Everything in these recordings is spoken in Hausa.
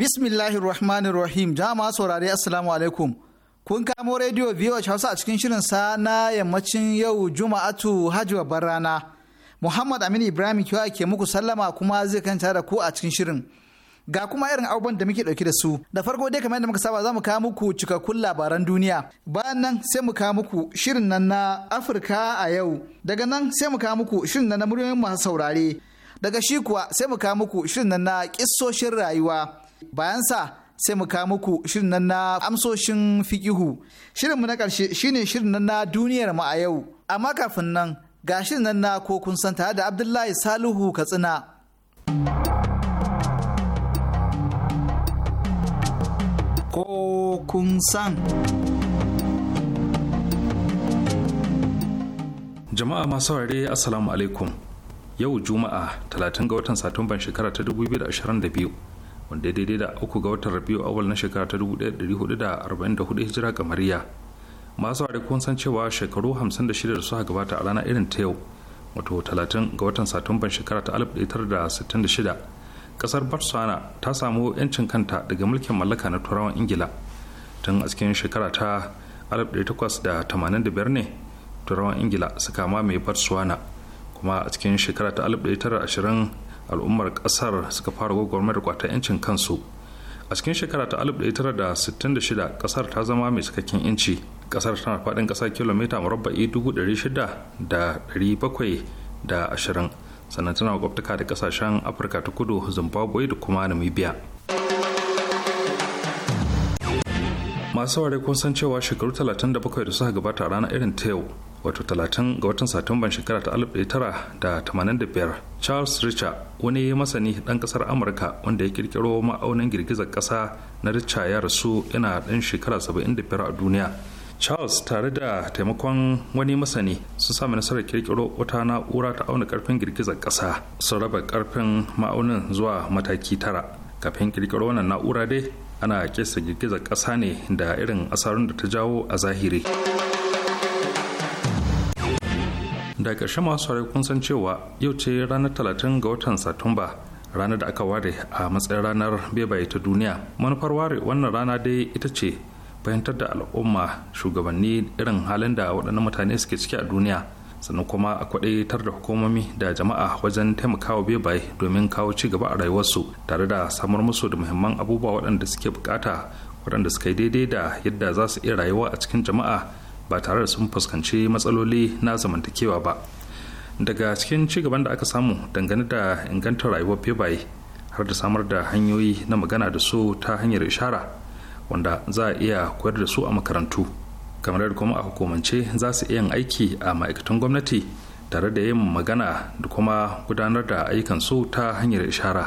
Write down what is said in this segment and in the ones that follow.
Bismillahir Rahmanir Rahim. Jama'a saurari Assalamu alaikum. Kun kamo rediyo VOH Hausa a cikin shirin sa na yammacin yau Juma'atu Hajji babbar rana. Muhammad Aminu Ibrahim kiwa ke muku sallama kuma zai kanta da ku a cikin shirin. Ga kuma irin abubuwan da muke dauke da su. Da farko dai kamar yadda muka saba za mu kawo muku cikakkun labaran duniya. Bayan nan sai mu kawo muku shirin nan na Afirka a yau. Daga nan sai mu kawo muku shirin nan na muryoyin masu saurare. Daga shi kuwa sai mu kawo muku shirin nan na kissoshin rayuwa. Bayan sa, sai mu kawo muku shirin nan na amsoshin fikihu mu na ƙarshe shine shirin nan na duniyar mu a yau amma kafin nan ga shirin nan na ko kun san tare da abdullahi salihu katsina ko kun san jama'a masu ware assalamu alaikum yau juma'a 30 ga watan satumban shekara ta 2022 wanda ya daidai da uku ga watan rabiu awal na shekara ta 1444 hijira kamariya masu ware kun san cewa shekaru 56 da suka gabata a rana irin ta yau wato 30 ga watan satumban shekara ta 1966 kasar barcelona ta samu 'yancin kanta daga mulkin mallaka na turawan ingila tun a cikin shekara ta 1885 ne turawan ingila suka mamaye botswana kuma a cikin shekara ta 1920 al'ummar kasar suka fara gwagwarmar kwata 'yancin kansu a cikin shekara ta 1966 kasar ta zama mai cikakken inci kasar tana faɗin ƙasa kilomita murabba'i 600,720 sannan tana gwabtaka da ƙasashen afirka ta kudu zimbabwe da kuma namibia masu saurari kun san cewa shekaru 37 da suka gabata rana irin ta yau wato 30 ga watan satumban shekara ta 1985 charles richard wani masani dan kasar amurka wanda ya kirkiro ma'aunin girgizar ƙasa na richard ya rasu yana dan shekara 75 a duniya charles tare da taimakon wani masani sun sami nasarar kirkiro wata na'ura ta auna karfin girgizar ƙasa sun raba karfin ma'aunin zuwa mataki tara kafin kirkiro wannan na'ura dai ana kesa girgizar ƙasa ne da irin asarun da ta jawo a zahiri. da ƙarshe masu saurari kun san cewa yau ce ranar talatin ga watan satumba ranar da aka ware a matsayin ranar bebaye ta duniya manufar ware wannan rana dai ita ce fahimtar da al'umma shugabanni irin halin da waɗannan mutane suke ciki a duniya sannan kuma a kwaɗaitar da hukumomi da jama'a wajen taimakawa bebaye domin kawo ci gaba a rayuwarsu tare da samar musu da muhimman abubuwa waɗanda suke bukata waɗanda suka yi daidai da yadda za su iya rayuwa a cikin jama'a ba tare da sun fuskanci matsaloli na zamantakewa ba daga cikin gaban da aka samu dangane da ingantar rayuwar bebaye har da samar da hanyoyi na magana da su ta hanyar ishara wanda za a iya koyar da su a makarantu kamar da kuma a hukumance za su iya aiki a ma'aikatan gwamnati tare da yin magana da kuma gudanar da ayyukan su ta hanyar ishara.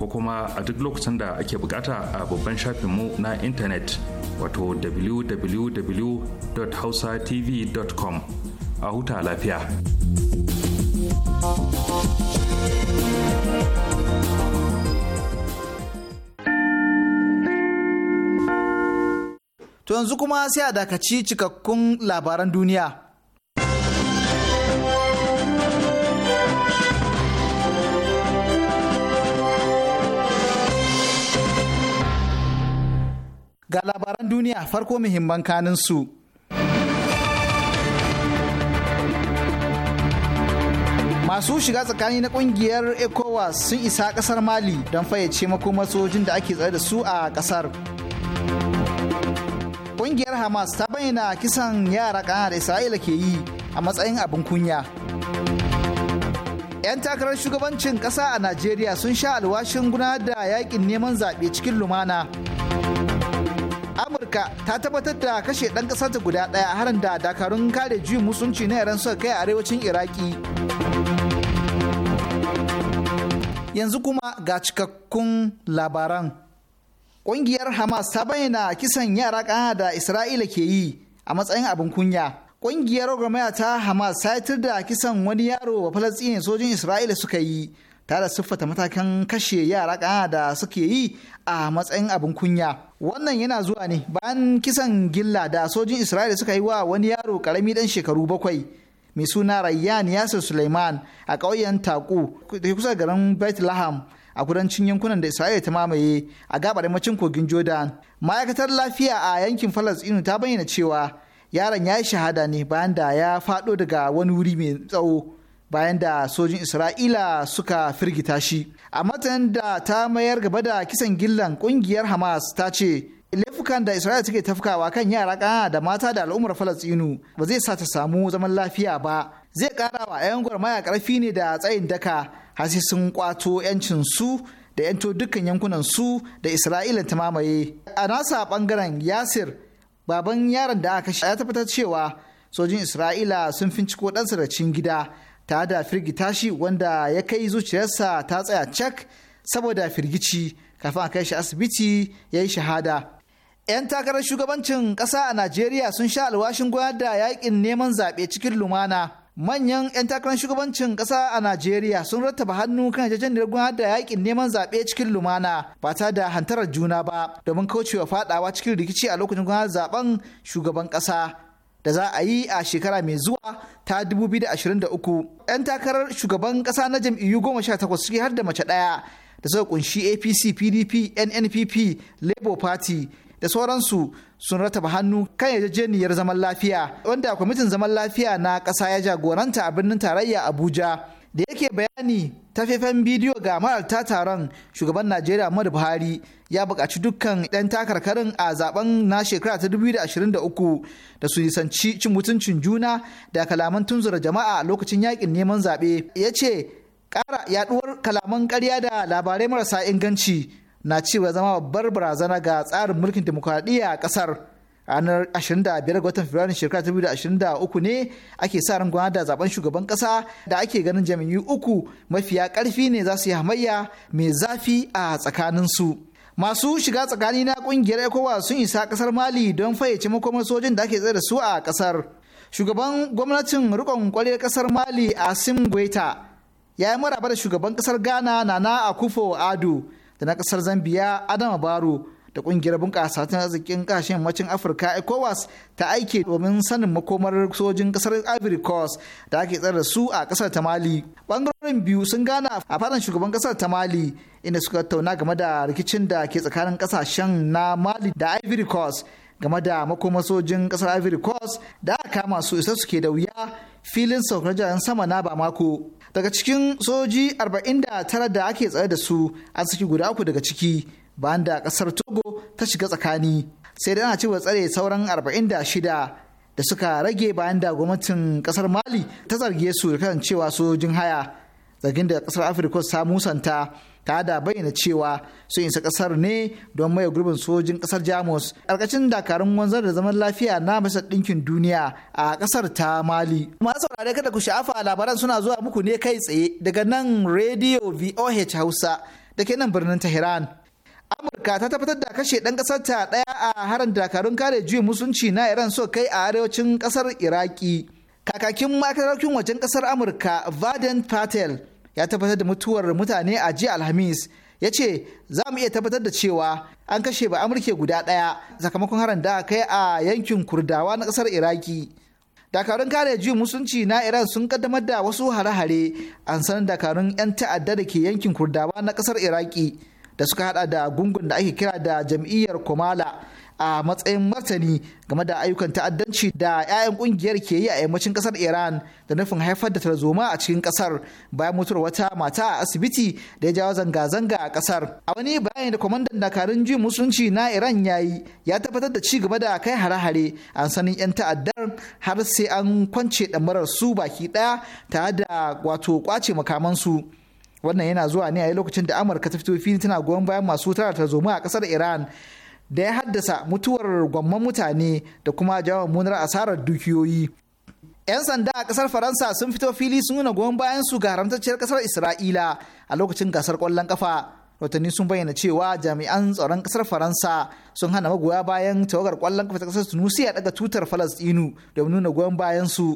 ko kuma a duk lokacin da ake bukata a babban shafinmu na intanet wato www.hausatv.com a huta lafiya. To yanzu kuma sai a dakaci cikakkun labaran duniya. ga labaran duniya farko muhimman kanin su. Masu shiga tsakani na kungiyar ECOWAS sun isa kasar Mali don fayyace makomar sojojin da ake tsare da su a kasar. Kungiyar Hamas ta bayyana kisan yara kana da Isra'ila ke yi a matsayin abin kunya. 'Yan takarar shugabancin ƙasa a Najeriya sun sha alwashin gudanar da yakin neman zaɓe cikin lumana. amurka ta tabbatar da kashe ɗan ƙasarta guda ɗaya harin da dakarun kare juyin musulunci na yaran suka kai a arewacin iraki yanzu kuma ga cikakkun labaran ƙungiyar hamas ta bayyana kisan yara ƙana da isra'ila ke yi a matsayin abin kunya ƙungiyar gwamnati ta hamas ta da kisan wani yaro wa ne sojin isra'ila suka yi tare siffata matakan kashe yara ka da suke yi a matsayin abin kunya wannan yana zuwa ne bayan kisan gilla da sojin isra'ila suka yi wa wani yaro karami dan shekaru bakwai mai suna rayyan yasir suleiman a ƙauyen taku da kusa garin bethlehem a kudancin yankunan da isra'ila ta mamaye a gabarmacin kogin jordan ma'aikatar lafiya a yankin falastinu ta bayyana cewa yaron ya yi shahada ne bayan da ya faɗo daga wani wuri mai tsawo bayan da sojin isra'ila suka firgita shi a matan da ta mayar gaba da kisan gillan ƙungiyar hamas ta ce laifukan da isra'ila take tafkawa kan yara kana da mata da al'ummar falastinu ba zai sa ta samu zaman lafiya ba zai kara wa 'yan gwarmaya karfi ne da tsayin daka har sai sun kwato 'yancin su da 'yanto dukkan yankunan su da isra'ila ta mamaye a nasa bangaren yasir baban yaron da aka shi ya tabbatar cewa sojin isra'ila sun finciko ɗansa da cin gida ta da firgita shi wanda ya kai zuciyarsa ta tsaya cak saboda firgici kafin a kai shi asibiti ya yi shahada. 'Yan takarar shugabancin ƙasa a Najeriya sun sha alwashin gudanar da yakin neman zaɓe cikin lumana. Manyan 'yan takarar shugabancin ƙasa a Najeriya sun rattaba hannu kan jajeniyar gudanar da yakin neman zaɓe cikin lumana ba ta da hantarar juna ba domin kaucewa faɗawa cikin rikici a lokacin gudanar zaɓen shugaban ƙasa. da za a yi a shekara mai zuwa ta 2023 'yan takarar shugaban ƙasa na jam'iyyu goma sha takwas suke har da mace ɗaya da suka kunshi apc pdp nnpp labour party da sauransu sun rataba hannu kan yarjejeniyar zaman lafiya wanda kwamitin zaman lafiya na ƙasa ya jagoranta a birnin tarayya abuja da yake bayani ta faifan bidiyo ga mararta taron shugaban najeriya muhammadu buhari ya buƙaci dukkan 'yan takarkarin a zaben na shekara ta 2023 da su nisanci cin mutuncin juna da kalaman tunzura jama'a lokacin yakin neman zaɓe ya ce ƙara yaɗuwar kalaman ƙarya da labarai marasa inganci na cewa zama babbar barazana ga tsarin mulkin dimokuraɗiyya a ƙasar ranar 25 ga watan firanin shekara 2023 ne ake sa ran gwana da zaben shugaban kasa da ake ganin jami'u uku mafiya karfi ne za su yi hamayya mai zafi a tsakaninsu. masu shiga tsakani na kungiyar ecowas sun isa kasar mali don fayyace makomar sojin da ake tsaye da su a kasar shugaban gwamnatin rikon kwaliyar kasar mali asim gweta ya yi maraba da shugaban kasar ghana nana akufo ado da na kasar zambia adama baro da kungiyar bunkasa ta arzikin kasashen yammacin afirka ecowas ta aike domin sanin makomar sojin kasar ivory coast da ake tsare su a kasar ta mali bangarorin biyu sun gana a fadan shugaban ƙasar ta mali inda suka tauna game da rikicin da ke tsakanin kasashen na mali da ivory coast game da makomar sojin kasar ivory coast da aka kama su isa suke da wuya filin saukar jiragen sama na ba mako daga cikin soji 49 da ake tsare da su an saki guda uku daga ciki bayan da kasar togo ta shiga tsakani sai da ana cewa tsare sauran 46 da suka rage bayan da gwamnatin kasar mali ta zarge su da kasancewa sojin haya zargin da kasar afirka ta musanta ta da bayyana cewa sun isa kasar ne don maye gurbin sojin kasar jamus karkashin dakarun wanzar da zaman lafiya na masar ɗinkin duniya a kasar ta mali masu saurare kada ku sha'afa labaran suna zuwa muku ne kai tsaye daga nan radio voh hausa da ke nan birnin tehran ka ta tabbatar da kashe ɗan ƙasar ta ɗaya a harin dakarun kare juyin musulunci na Iran so kai a arewacin kasar Iraki. Kakakin makarakin wajen kasar Amurka Vaden Patel ya tabbatar da mutuwar mutane a jiya Alhamis. Ya ce za mu iya tabbatar da cewa an kashe ba Amurke guda ɗaya sakamakon harin da kai a yankin Kurdawa na kasar Iraki. dakarun kare juyin musulunci na iran sun kaddamar da wasu hare-hare an sanar dakarun 'yan ta'adda da ke yankin kurdawa na kasar iraki da suka hada da gungun da ake kira da jam'iyyar komala a matsayin martani game da ayyukan ta'addanci da 'ya'yan kungiyar ke yi a yammacin kasar iran da nufin haifar da tarzoma a cikin kasar bayan mutuwar wata mata a asibiti da ya jawo zanga-zanga a kasar a wani bayani da kwamandan dakarun jin musulunci na iran ya yi ya tabbatar da ci gaba da kai hare-hare a sanin 'yan ta'addar har sai an kwance ɗamarar su baki ɗaya tare da wato kwace makamansu wannan yana zuwa ne a lokacin da amurka ta fito fili tana goyon bayan masu tara tarzoma a kasar iran da ya haddasa mutuwar gwamman mutane da kuma jawo munar asarar dukiyoyi 'yan sanda a kasar faransa sun fito fili sun nuna goyon bayan su ga haramtacciyar kasar isra'ila a lokacin gasar kwallon kafa watanni sun bayyana cewa jami'an tsaron kasar faransa sun hana magoya bayan tawagar kwallon kafa ta kasar tunusiya daga tutar falastinu domin nuna goyon bayan su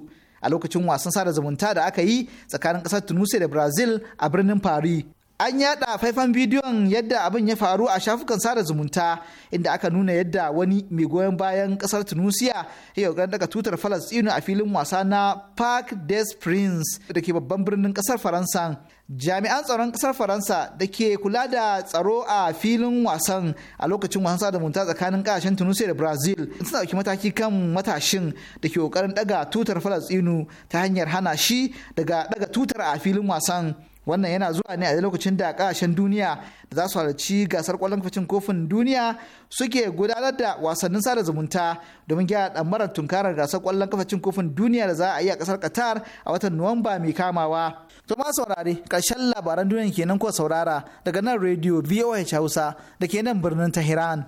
a lokacin wasan sada zumunta da aka yi tsakanin ƙasar tunisia da brazil a birnin paris an yada faifan bidiyon yadda abin ya faru a shafukan sada zumunta inda aka nuna yadda wani mai goyon bayan kasar tunisia ya kokarin daga tutar falastinu a filin wasa na park des prince da ke babban birnin kasar faransa jami'an tsaron kasar faransa da ke kula da tsaro a filin wasan a lokacin wasan sada munta tsakanin kasashen tunisia da brazil suna dauki mataki kan matashin da ke kokarin daga tutar falastinu ta hanyar hana shi daga daga tutar a filin wasan wannan yana zuwa ne a lokacin da kasashen duniya da za su halarci gasar kwallon kafin kofin duniya suke gudanar da wasannin sada zumunta domin gyara ɗamarar tunkarar gasar kwallon kafacin kofin duniya da za a yi a kasar qatar a watan nuwamba mai kamawa to ma saurare karshen labaran duniya kenan ko saurara daga nan rediyo voh hausa da ke nan birnin tehran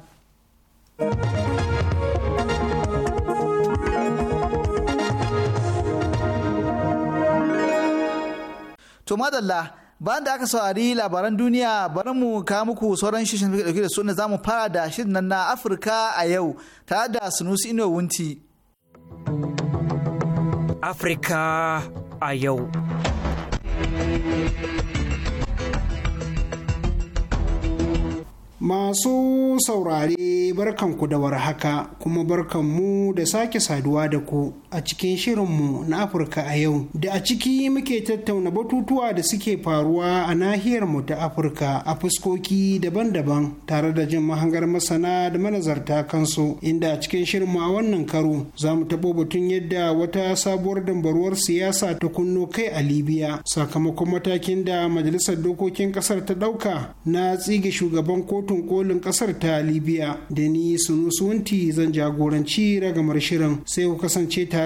to madalla bayan da aka saurari labaran duniya bari mu ka muku sauran shirin da dauke da su za mu fara da shirin nan na Afirka a yau tare da Sunusi Ino Wunti. Afirka a yau. Masu saurare barkanku da warhaka kuma barkanmu da sake saduwa da ku. a cikin shirinmu na Afirka a yau da a ciki muke tattauna batutuwa da suke faruwa a nahiyar mu ta Afirka a fuskoki daban-daban tare da jin mahangar masana da manazarta kansu inda a cikin shirinmu a wannan karo za mu taɓo batun yadda wata sabuwar dambaruwar siyasa ta kunno kai a Libya sakamakon matakin da majalisar dokokin ƙasar ta ɗauka na tsige shugaban kotun kolin ƙasar ta Libya da ni Sunusunti zan jagoranci ragamar shirin sai ku kasance tare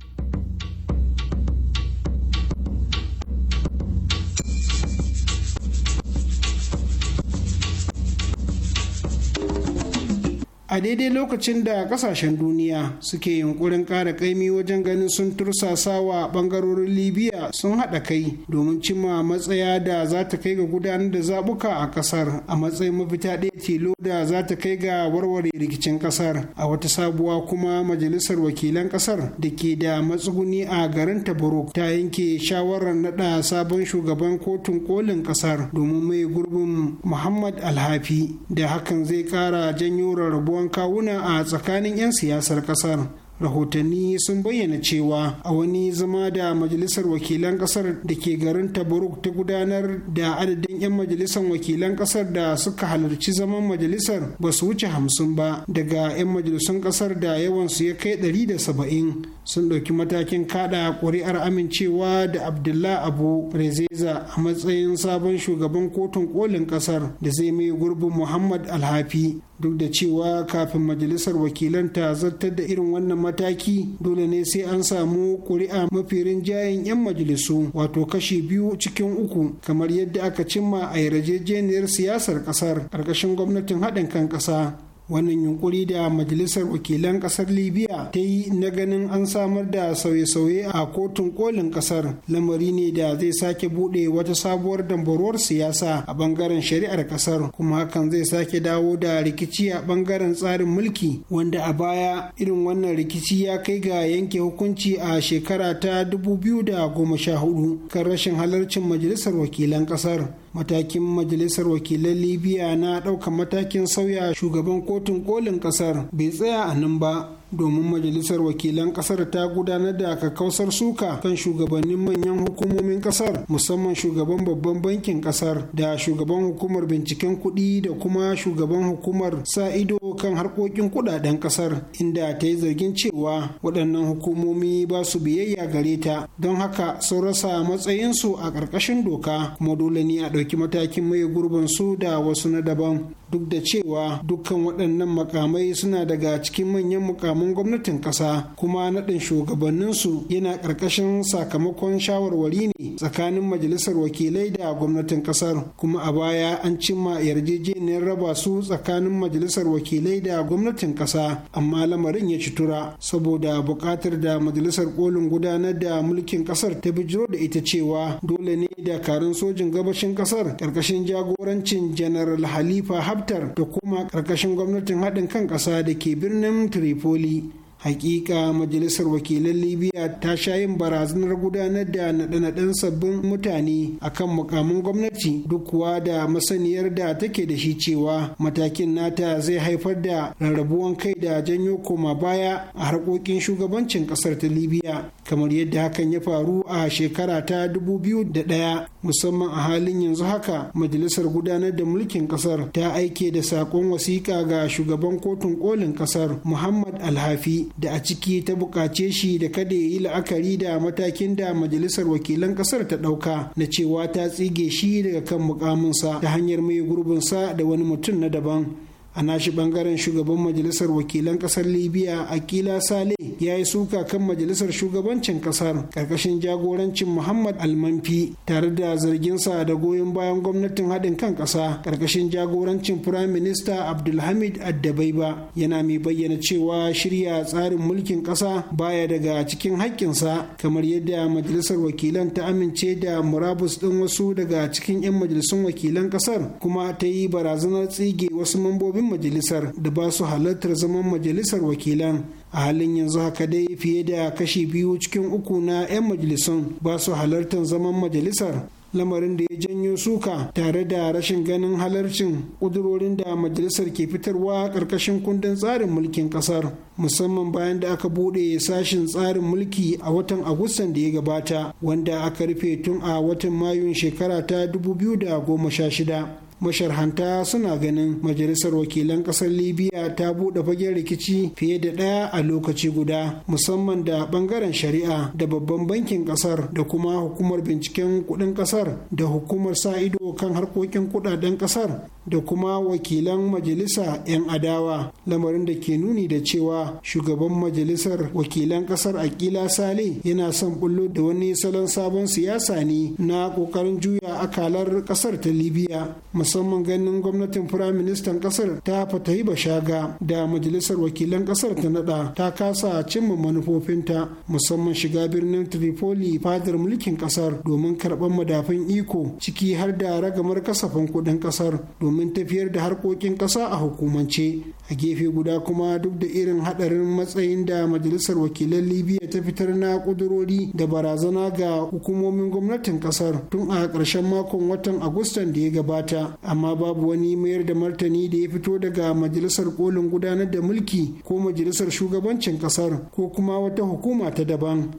a daidai lokacin da kasashen duniya suke yunkurin ƙara ƙaimi wajen ganin sun tursasa wa ɓangarorin libya sun haɗa kai domin cimma matsaya da za ta kai ga gudanar da zaɓuka a ƙasar a matsayin mafita ɗaya tilo da za ta kai ga warware rikicin ƙasar a wata sabuwa kuma majalisar wakilan ƙasar da ke da matsuguni a garin tabaruk ta yanke shawarar naɗa sabon shugaban kotun kolin ƙasar domin mai gurbin muhammad alhafi da hakan zai ƙara janyo rarrabuwar kawuna a tsakanin 'yan siyasar kasar rahotanni sun bayyana cewa a wani zama da majalisar wakilan kasar da ke garin tabaruk ta gudanar da adadin 'yan majalisar wakilan kasar da suka halarci zaman majalisar ba su wuce hamsin ba daga 'yan majalisun kasar da yawansu ya kai 170 sun ɗauki matakin kada ƙuri'ar amincewa da abdullah abu rezeza a matsayin sabon shugaban kotun kolin ƙasar da zai mai gurbin muhammad alhafi duk da cewa kafin majalisar wakilan ta zartar da irin wannan mataki dole ne sai an samu ƙuri'a mafi rinjayen 'yan majalisu wato kashi biyu cikin uku kamar yadda aka cimma a yarjejeniyar siyasar ƙasar ƙarƙashin gwamnatin haɗin kan ƙasa wannan yunkuri da majalisar wakilan kasar libya ta yi na ganin an samar da sauye-sauye a kotun kolin kasar lamari ne da zai sake bude wata sabuwar dambaruwar siyasa a bangaren shari'ar kasar kuma hakan zai sake dawo da rikici a bangaren tsarin mulki wanda a baya irin wannan rikici ya kai ga yanke hukunci a shekara ta 2014 kan rashin halarcin majalisar wakilan kasar matakin majalisar wakilan libya na ɗauka matakin sauya shugaban kotun kolin ƙasar bai tsaya a nan ba domin majalisar wakilan kasar ta gudanar da kakausar suka kan shugabannin manyan hukumomin kasar musamman shugaban babban bankin kasar da shugaban hukumar binciken kuɗi da kuma shugaban hukumar sa ido kan harkokin kuɗaɗen kasar inda ta yi zargin cewa waɗannan hukumomi ba su biyayya gare ta don haka sun rasa matsayinsu a ƙarƙashin doka kuma dole ne a ɗauki matakin mai gurbin su da wasu na daban duk da cewa dukkan waɗannan makamai suna daga cikin manyan mukamai mukamin gwamnatin ƙasa kuma naɗin shugabanninsu yana ƙarƙashin sakamakon shawarwari ne tsakanin majalisar wakilai da gwamnatin ƙasar kuma a baya an cimma yarjejeniyar raba su tsakanin majalisar wakilai da gwamnatin ƙasa amma lamarin ya citura saboda buƙatar da majalisar kolin gudanar da mulkin ƙasar ta bijiro da ita cewa dole ne da dakarun sojin gabashin ƙasar ƙarƙashin jagorancin janaral halifa haftar da kuma ƙarƙashin gwamnatin haɗin kan ƙasa da ke birnin tripoli Puis hakika majalisar wakilan libya ta sha yin barazanar gudanar da naɗe-naɗen sabbin mutane a kan mukamin gwamnati duk kuwa da masaniyar da take da shi cewa matakin nata zai haifar da rarrabuwan kai da janyo koma baya a harkokin shugabancin ƙasar ta libya kamar yadda hakan ya faru a shekara ta 2001 musamman a halin yanzu haka majalisar gudanar da mulkin ƙasar ta aike da saƙon wasiƙa ga shugaban kotun kolin ƙasar muhammad alhafi da a ciki ta buƙace shi da kada ya yi la'akari da matakin da majalisar wakilan ƙasar ta ɗauka na cewa ta tsige shi daga kan mukaminsa ta hanyar mai gurbinsa da wani mutum na daban a nashi bangaren shugaban majalisar wakilan kasar libya akila sale ya yi suka kan majalisar shugabancin kasar karkashin jagorancin muhammad almanfi tare da zarginsa da goyon bayan gwamnatin haɗin kan ƙasa karkashin jagorancin firayim minista abdulhamid addabaiba yana mai bayyana cewa shirya tsarin mulkin ƙasa baya daga cikin haƙƙinsa kamar yadda majalisar wakilan ta amince da murabus ɗin wasu daga cikin 'yan majalisun wakilan ƙasar kuma ta yi barazanar tsige wasu mambobin membobin majalisar da ba su halartar zaman majalisar wakilan a halin yanzu haka dai fiye da kashi biyu cikin uku na 'yan majalisun ba su halartar zaman majalisar lamarin da ya janyo suka tare da rashin ganin halarcin ƙudurorin da majalisar ke fitarwa ƙarƙashin kundin tsarin mulkin ƙasar musamman bayan da aka buɗe sashin tsarin mulki a watan agustan da ya gabata wanda aka rufe tun a watan mayun shekara ta 2016 masharhanta suna ganin majalisar wakilan kasar libya ta buɗe fagen rikici fiye da ɗaya a lokaci guda musamman da ɓangaren shari'a da babban bankin kasar da kuma hukumar binciken kuɗin kasar da hukumar sa ido kan harkokin kuɗaɗen kasar da kuma wakilan majalisa 'yan adawa lamarin da ke nuni da cewa shugaban majalisar wakilan kasar akila sale yana son bullo da wani salon sabon siyasa ne na ƙoƙarin juya akalar kasar ta libya musamman ganin gwamnatin firaministan kasar ta fatahi bashaga da majalisar wakilan kasar ta nada ta kasa cimma manufofinta musamman shiga birnin tripoli fadar mulkin kasar domin karɓar madafin iko ciki har da ragamar kasafin kuɗin kasar domin tafiyar da harkokin ƙasa a hukumance a gefe guda kuma duk da irin hadarin matsayin da majalisar wakilan libya ta fitar na kudurori da barazana ga hukumomin gwamnatin kasar tun a ƙarshen makon watan agustan da ya gabata amma babu wani mayar da martani da ya fito daga majalisar kolin gudanar da mulki ko majalisar shugabancin kasar ko kuma wata hukuma ta daban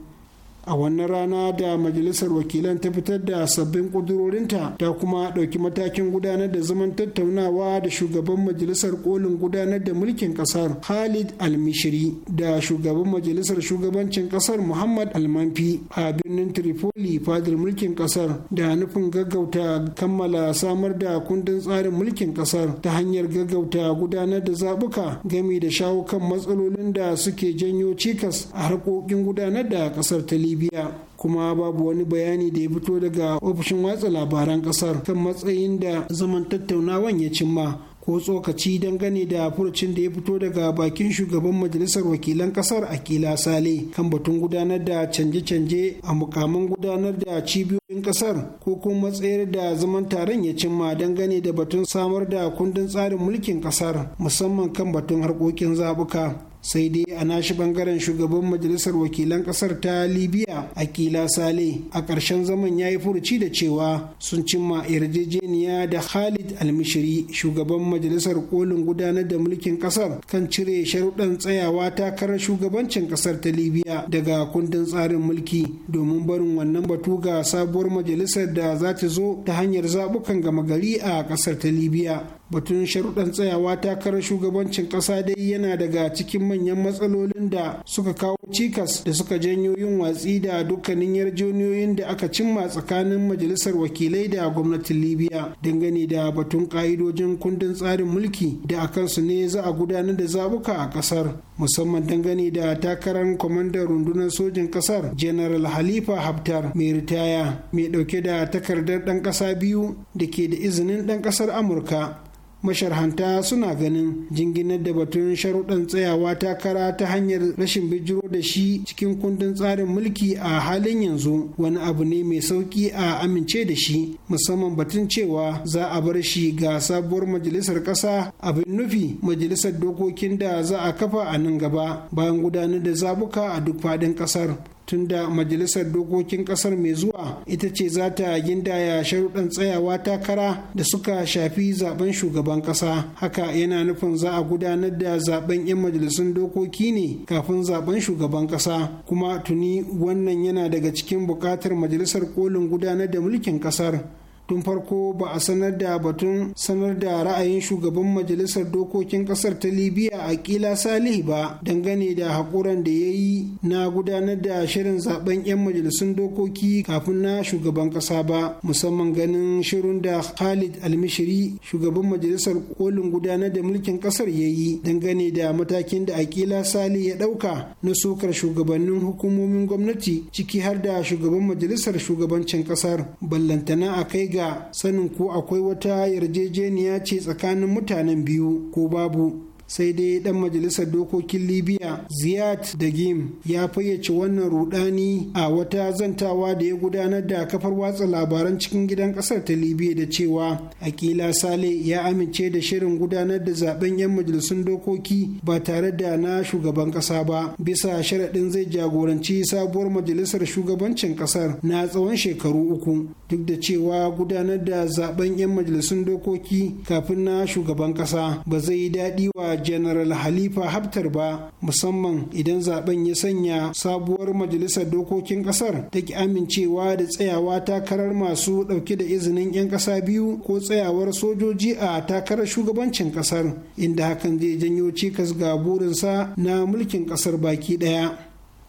a wannan rana da majalisar wakilan ta fitar da sabbin kudurorinta ta kuma ɗauki matakin gudanar da zaman tattaunawa da shugaban majalisar kolin gudanar da mulkin ƙasar khalid almishiri da shugaban majalisar shugabancin ƙasar muhammad almanfi a birnin tripoli fadar mulkin ƙasar da nufin gaggauta kammala samar da kundin tsarin mulkin ƙasar ta hanyar gaggauta gudanar da zabuka gami da shawo kan matsalolin da suke janyo cikas a harkokin gudanar da kasar ta libya kuma babu wani bayani da ya fito daga ofishin watsa labaran kasar kan matsayin da zaman tattaunawan ya cimma ko tsokaci dangane da furucin da ya fito daga bakin shugaban majalisar wakilan kasar akila sale kan batun gudanar da canje-canje a mukamin gudanar da cibiyoyin kasar ko kuma matsayar da zaman taron ya cimma dangane da batun samar da kundin tsarin mulkin kasar musamman kan batun harkokin zabuka sai dai a nashi bangaren shugaban majalisar wakilan kasar ta libya akila sale a ƙarshen zaman ya yi furuci da cewa sun cimma yarjejeniya da khalid almishiri shugaban majalisar kolin gudanar da mulkin kasar kan cire sharuɗan tsayawa takarar shugabancin kasar ta libya daga kundin tsarin mulki domin barin wannan batu ga sabuwar majalisar da za ta zo ta hanyar zaɓukan gama gari a kasar ta libya batun sharuɗan tsayawa takarar shugabancin ƙasa dai yana daga cikin manyan matsalolin da suka kawo cikas da suka janyo yin watsi da dukkanin yarjejeniyoyin da aka cimma tsakanin majalisar wakilai da gwamnatin libya dangane da batun ka'idojin kundin tsarin mulki da a kansu ne za a gudanar da zabuka a kasar musamman dangane da takarar kwamandan rundunar sojin kasar general halifa haftar mai ritaya mai dauke da takardar dan kasa biyu da ke da izinin dan kasar amurka masharhanta suna ganin jinginar da batun sharuɗan tsayawa takara ta hanyar rashin bijiro da shi cikin kundin tsarin mulki a halin yanzu wani abu ne mai sauƙi a amince da shi musamman batun cewa za a bar shi ga sabuwar majalisar ƙasa abin nufi majalisar dokokin da za a kafa a nan gaba bayan gudanar da zabuka a duk faɗin ƙasar tunda majalisar dokokin kasar mai zuwa ita ce za ta gindaya sharuɗan tsayawa takara da suka shafi zaben shugaban ƙasa haka yana nufin za a gudanar da zaben 'yan majalisun dokoki ne kafin zaben shugaban ƙasa kuma tuni wannan yana daga cikin buƙatar majalisar kolin gudanar da mulkin ƙasar. tun farko ba a sanar da batun sanar da ra'ayin shugaban majalisar dokokin kasar ta libya a kila salih ba dangane da haƙuran da ya yi na gudanar da shirin zaben 'yan majalisun dokoki kafin na shugaban ƙasa ba musamman ganin shirin da khalid almishiri shugaban majalisar kolin gudanar da mulkin ƙasar ya yi dangane da matakin da akila salih ya ɗauka na sokar shugabannin hukumomin gwamnati ciki har da shugaban majalisar shugabancin ƙasar ballantana a kai ga sanin ko akwai wata yarjejeniya ce tsakanin mutanen biyu ko babu sai dai dan majalisar dokokin libya ziyad dagim ya fayyace wannan rudani a wata zantawa da ya gudanar da kafar watsa labaran cikin gidan kasar ta libya da cewa akila sale ya amince da shirin gudanar da zaben yan majalisun dokoki ba tare da na shugaban kasa ba bisa sharaɗin zai jagoranci sabuwar majalisar shugabancin kasar na tsawon shekaru uku duk da cewa gudanar da zaben yan majalisun dokoki kafin na shugaban kasa ba zai yi daɗi wa ba general halifa haftar ba musamman idan zaben ya sanya sabuwar majalisar dokokin kasar ta ki amincewa da tsayawa takarar masu dauke da izinin 'yan kasa biyu ko tsayawar sojoji a takarar shugabancin kasar inda hakan zai janyo cikas ga burinsa na mulkin kasar baki daya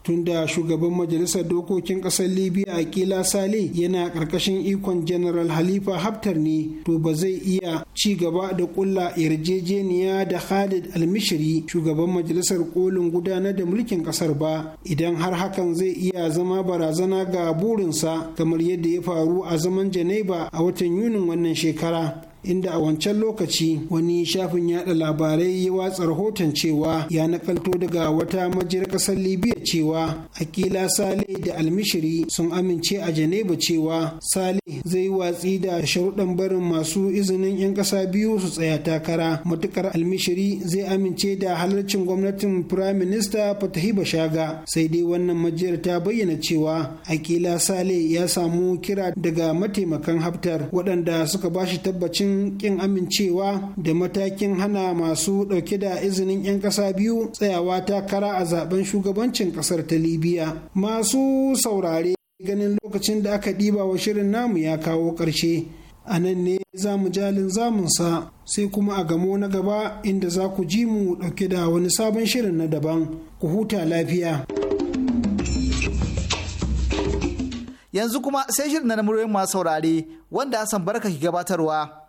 tunda shugaban majalisar dokokin ƙasar libya akila sale yana ƙarƙashin ikon general halifa haftar ne to ba zai iya ci gaba da ƙulla yarjejeniya da khalid almishiri shugaban majalisar kolin gudanar da mulkin ƙasar ba idan har hakan zai iya zama barazana ga burinsa kamar yadda ya faru a zaman janeba a watan yunin wannan shekara inda a wancan lokaci wani shafin yada labarai ya watsa rahoton cewa ya nakalto daga wata majiyar kasar libya cewa akila sale da almishiri sun amince a janeba cewa sale zai watsi da sharuɗan barin masu izinin 'yan ƙasa biyu su tsaya takara matukar almishiri zai amince da halarcin gwamnatin firayim minista fatahi Shaga. sai dai wannan majiyar ta bayyana cewa akila sale ya samu kira daga mataimakan haftar waɗanda suka bashi tabbacin kin amincewa da matakin hana masu ɗauke da izinin 'yan ƙasa biyu tsayawa takara a zaben shugabancin ƙasar ta libya masu saurare ganin lokacin da aka ɗiba wa shirin namu ya kawo ƙarshe a nan ne za mu jalin zamunsa sai kuma a gamo na gaba inda za ku ji mu ɗauke da wani sabon shirin na daban ku huta lafiya. yanzu kuma sai shirin na muryoyin masu saurare wanda Hassan Barka ke gabatarwa.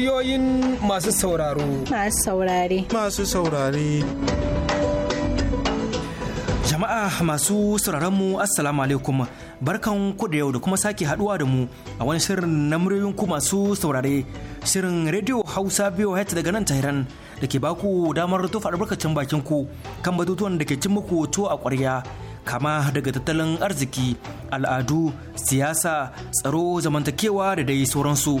muryoyin masu sauraro masu saurare masu saurare jama'a masu sauraron mu assalamu alaikum barkan ku da yau da kuma sake haduwa da mu a wani shirin na muryoyin ku masu saurare shirin rediyo hausa biyu hata daga nan tahiran da ke baku damar tofa albarkacin bakin ku kan batutuwan da ke cin muku tuwo a kwarya kama daga tattalin arziki al'adu siyasa tsaro zamantakewa da dai sauransu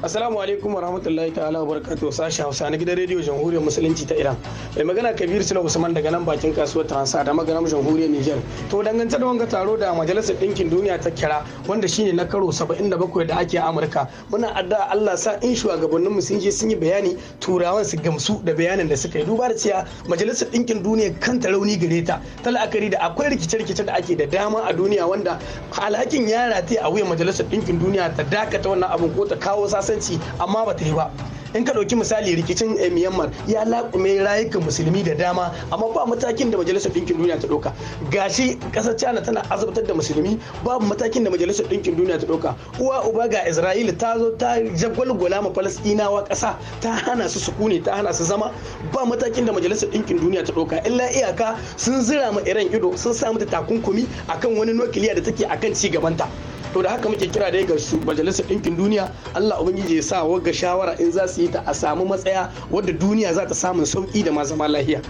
Assalamu alaikum wa rahmatullahi ta'ala wa barakatuhu sashi Hausa na gidan rediyo Jamhuriyar Musulunci ta Iran. Mai magana Kabir Sula Usman daga nan bakin kasuwar Tansa da maganar Jamhuriyar Niger. To dangance da wanga taro da Majalisar Dinkin Duniya ta kira wanda shine na karo 77 da ake Amurka. Muna addu'a Allah sa in shugabannin mu sun je sun yi bayani turawan su gamsu da bayanin da suka yi. Duba da cewa Majalisar Dinkin Duniya kanta rauni gare ta. Ta la'akari da akwai rikice-rikice da ake da dama a duniya wanda alhakin ya rataye a wuyan Majalisar Dinkin Duniya ta dakata wannan abin ko ta kawo sa sasanci amma ba ta yi ba in ka ɗauki misali rikicin eh, myanmar ya laƙume rayukan musulmi da dama amma ba matakin da majalisar ɗinkin duniya ta ɗauka gashi ƙasar china tana azabtar da musulmi babu matakin da majalisar ɗinkin duniya ta ɗauka uwa uba ga isra'ila ta zo ta jagwalgwala ma falastinawa ƙasa ta hana su sukuni ta hana su zama ba matakin da majalisar ɗinkin duniya ta ɗauka illa iyaka sun zira ma iran ido sun sa mata takunkumi akan wani nukiliya da take akan ci gabanta to da haka muke kira dai ga majalisar ɗinkin duniya allah ubangiji ya sa wa ga shawara in za su siye ta a samu matsaya wadda duniya za ta samun sauki da ma zama lahiya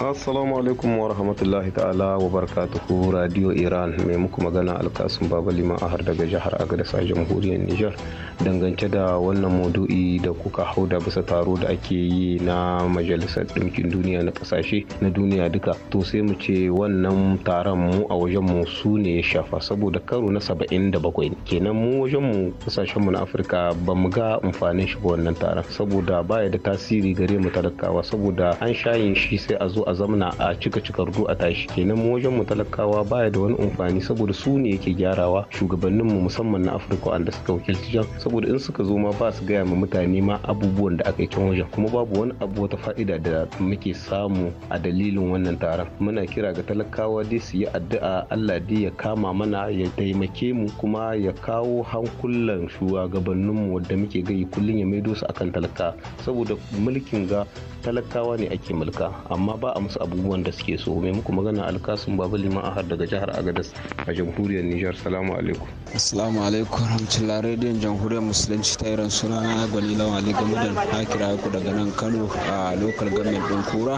Assalamu alaikum wa rahmatullahi ta'ala wa barakatuhu Radio Iran mai muku magana alkasun Baba Liman Ahar daga jihar agadasa a jamhuriyar Nijar dangance da wannan maudu'i da kuka hau da bisa taro da ake yi na majalisar ɗinkin duniya na kasashe na duniya duka to sai mu ce wannan taron mu a wajen mu su ne ya shafa saboda karo na saba'in da bakwai kenan mu wajen mu ƙasashen mu na Afirka ba mu ga amfanin shi wannan taron saboda baya da tasiri gare mu talakawa saboda an shayin shi sai a zo a zamana a cika du a tashi kenan mu wajen mu talakawa baya da wani amfani saboda su ne yake gyarawa shugabannin mu musamman na afirka wanda suka wakilci can saboda in suka zo ma ba su gaya ma mutane ma abubuwan da aka yi can wajen kuma babu wani abu wata fa'ida da muke samu a dalilin wannan taron muna kira ga talakawa dai su yi addu'a allah dai ya kama mana ya taimake mu kuma ya kawo hankulan shugabanninmu wadda muke gai kullun ya maido su akan talaka saboda mulkin ga talakawa ne ake mulka amma ba a musu abubuwan da suke so mai muku magana alkasun babu liman ahar daga jihar agadas a jamhuriyar nijar salamu alaikum assalamu alaikum rahmatullah rediyon jamhuriyar musulunci ta iran suna na gwani lawan ali gamadan na kira ku daga nan kano a lokal gamen din kura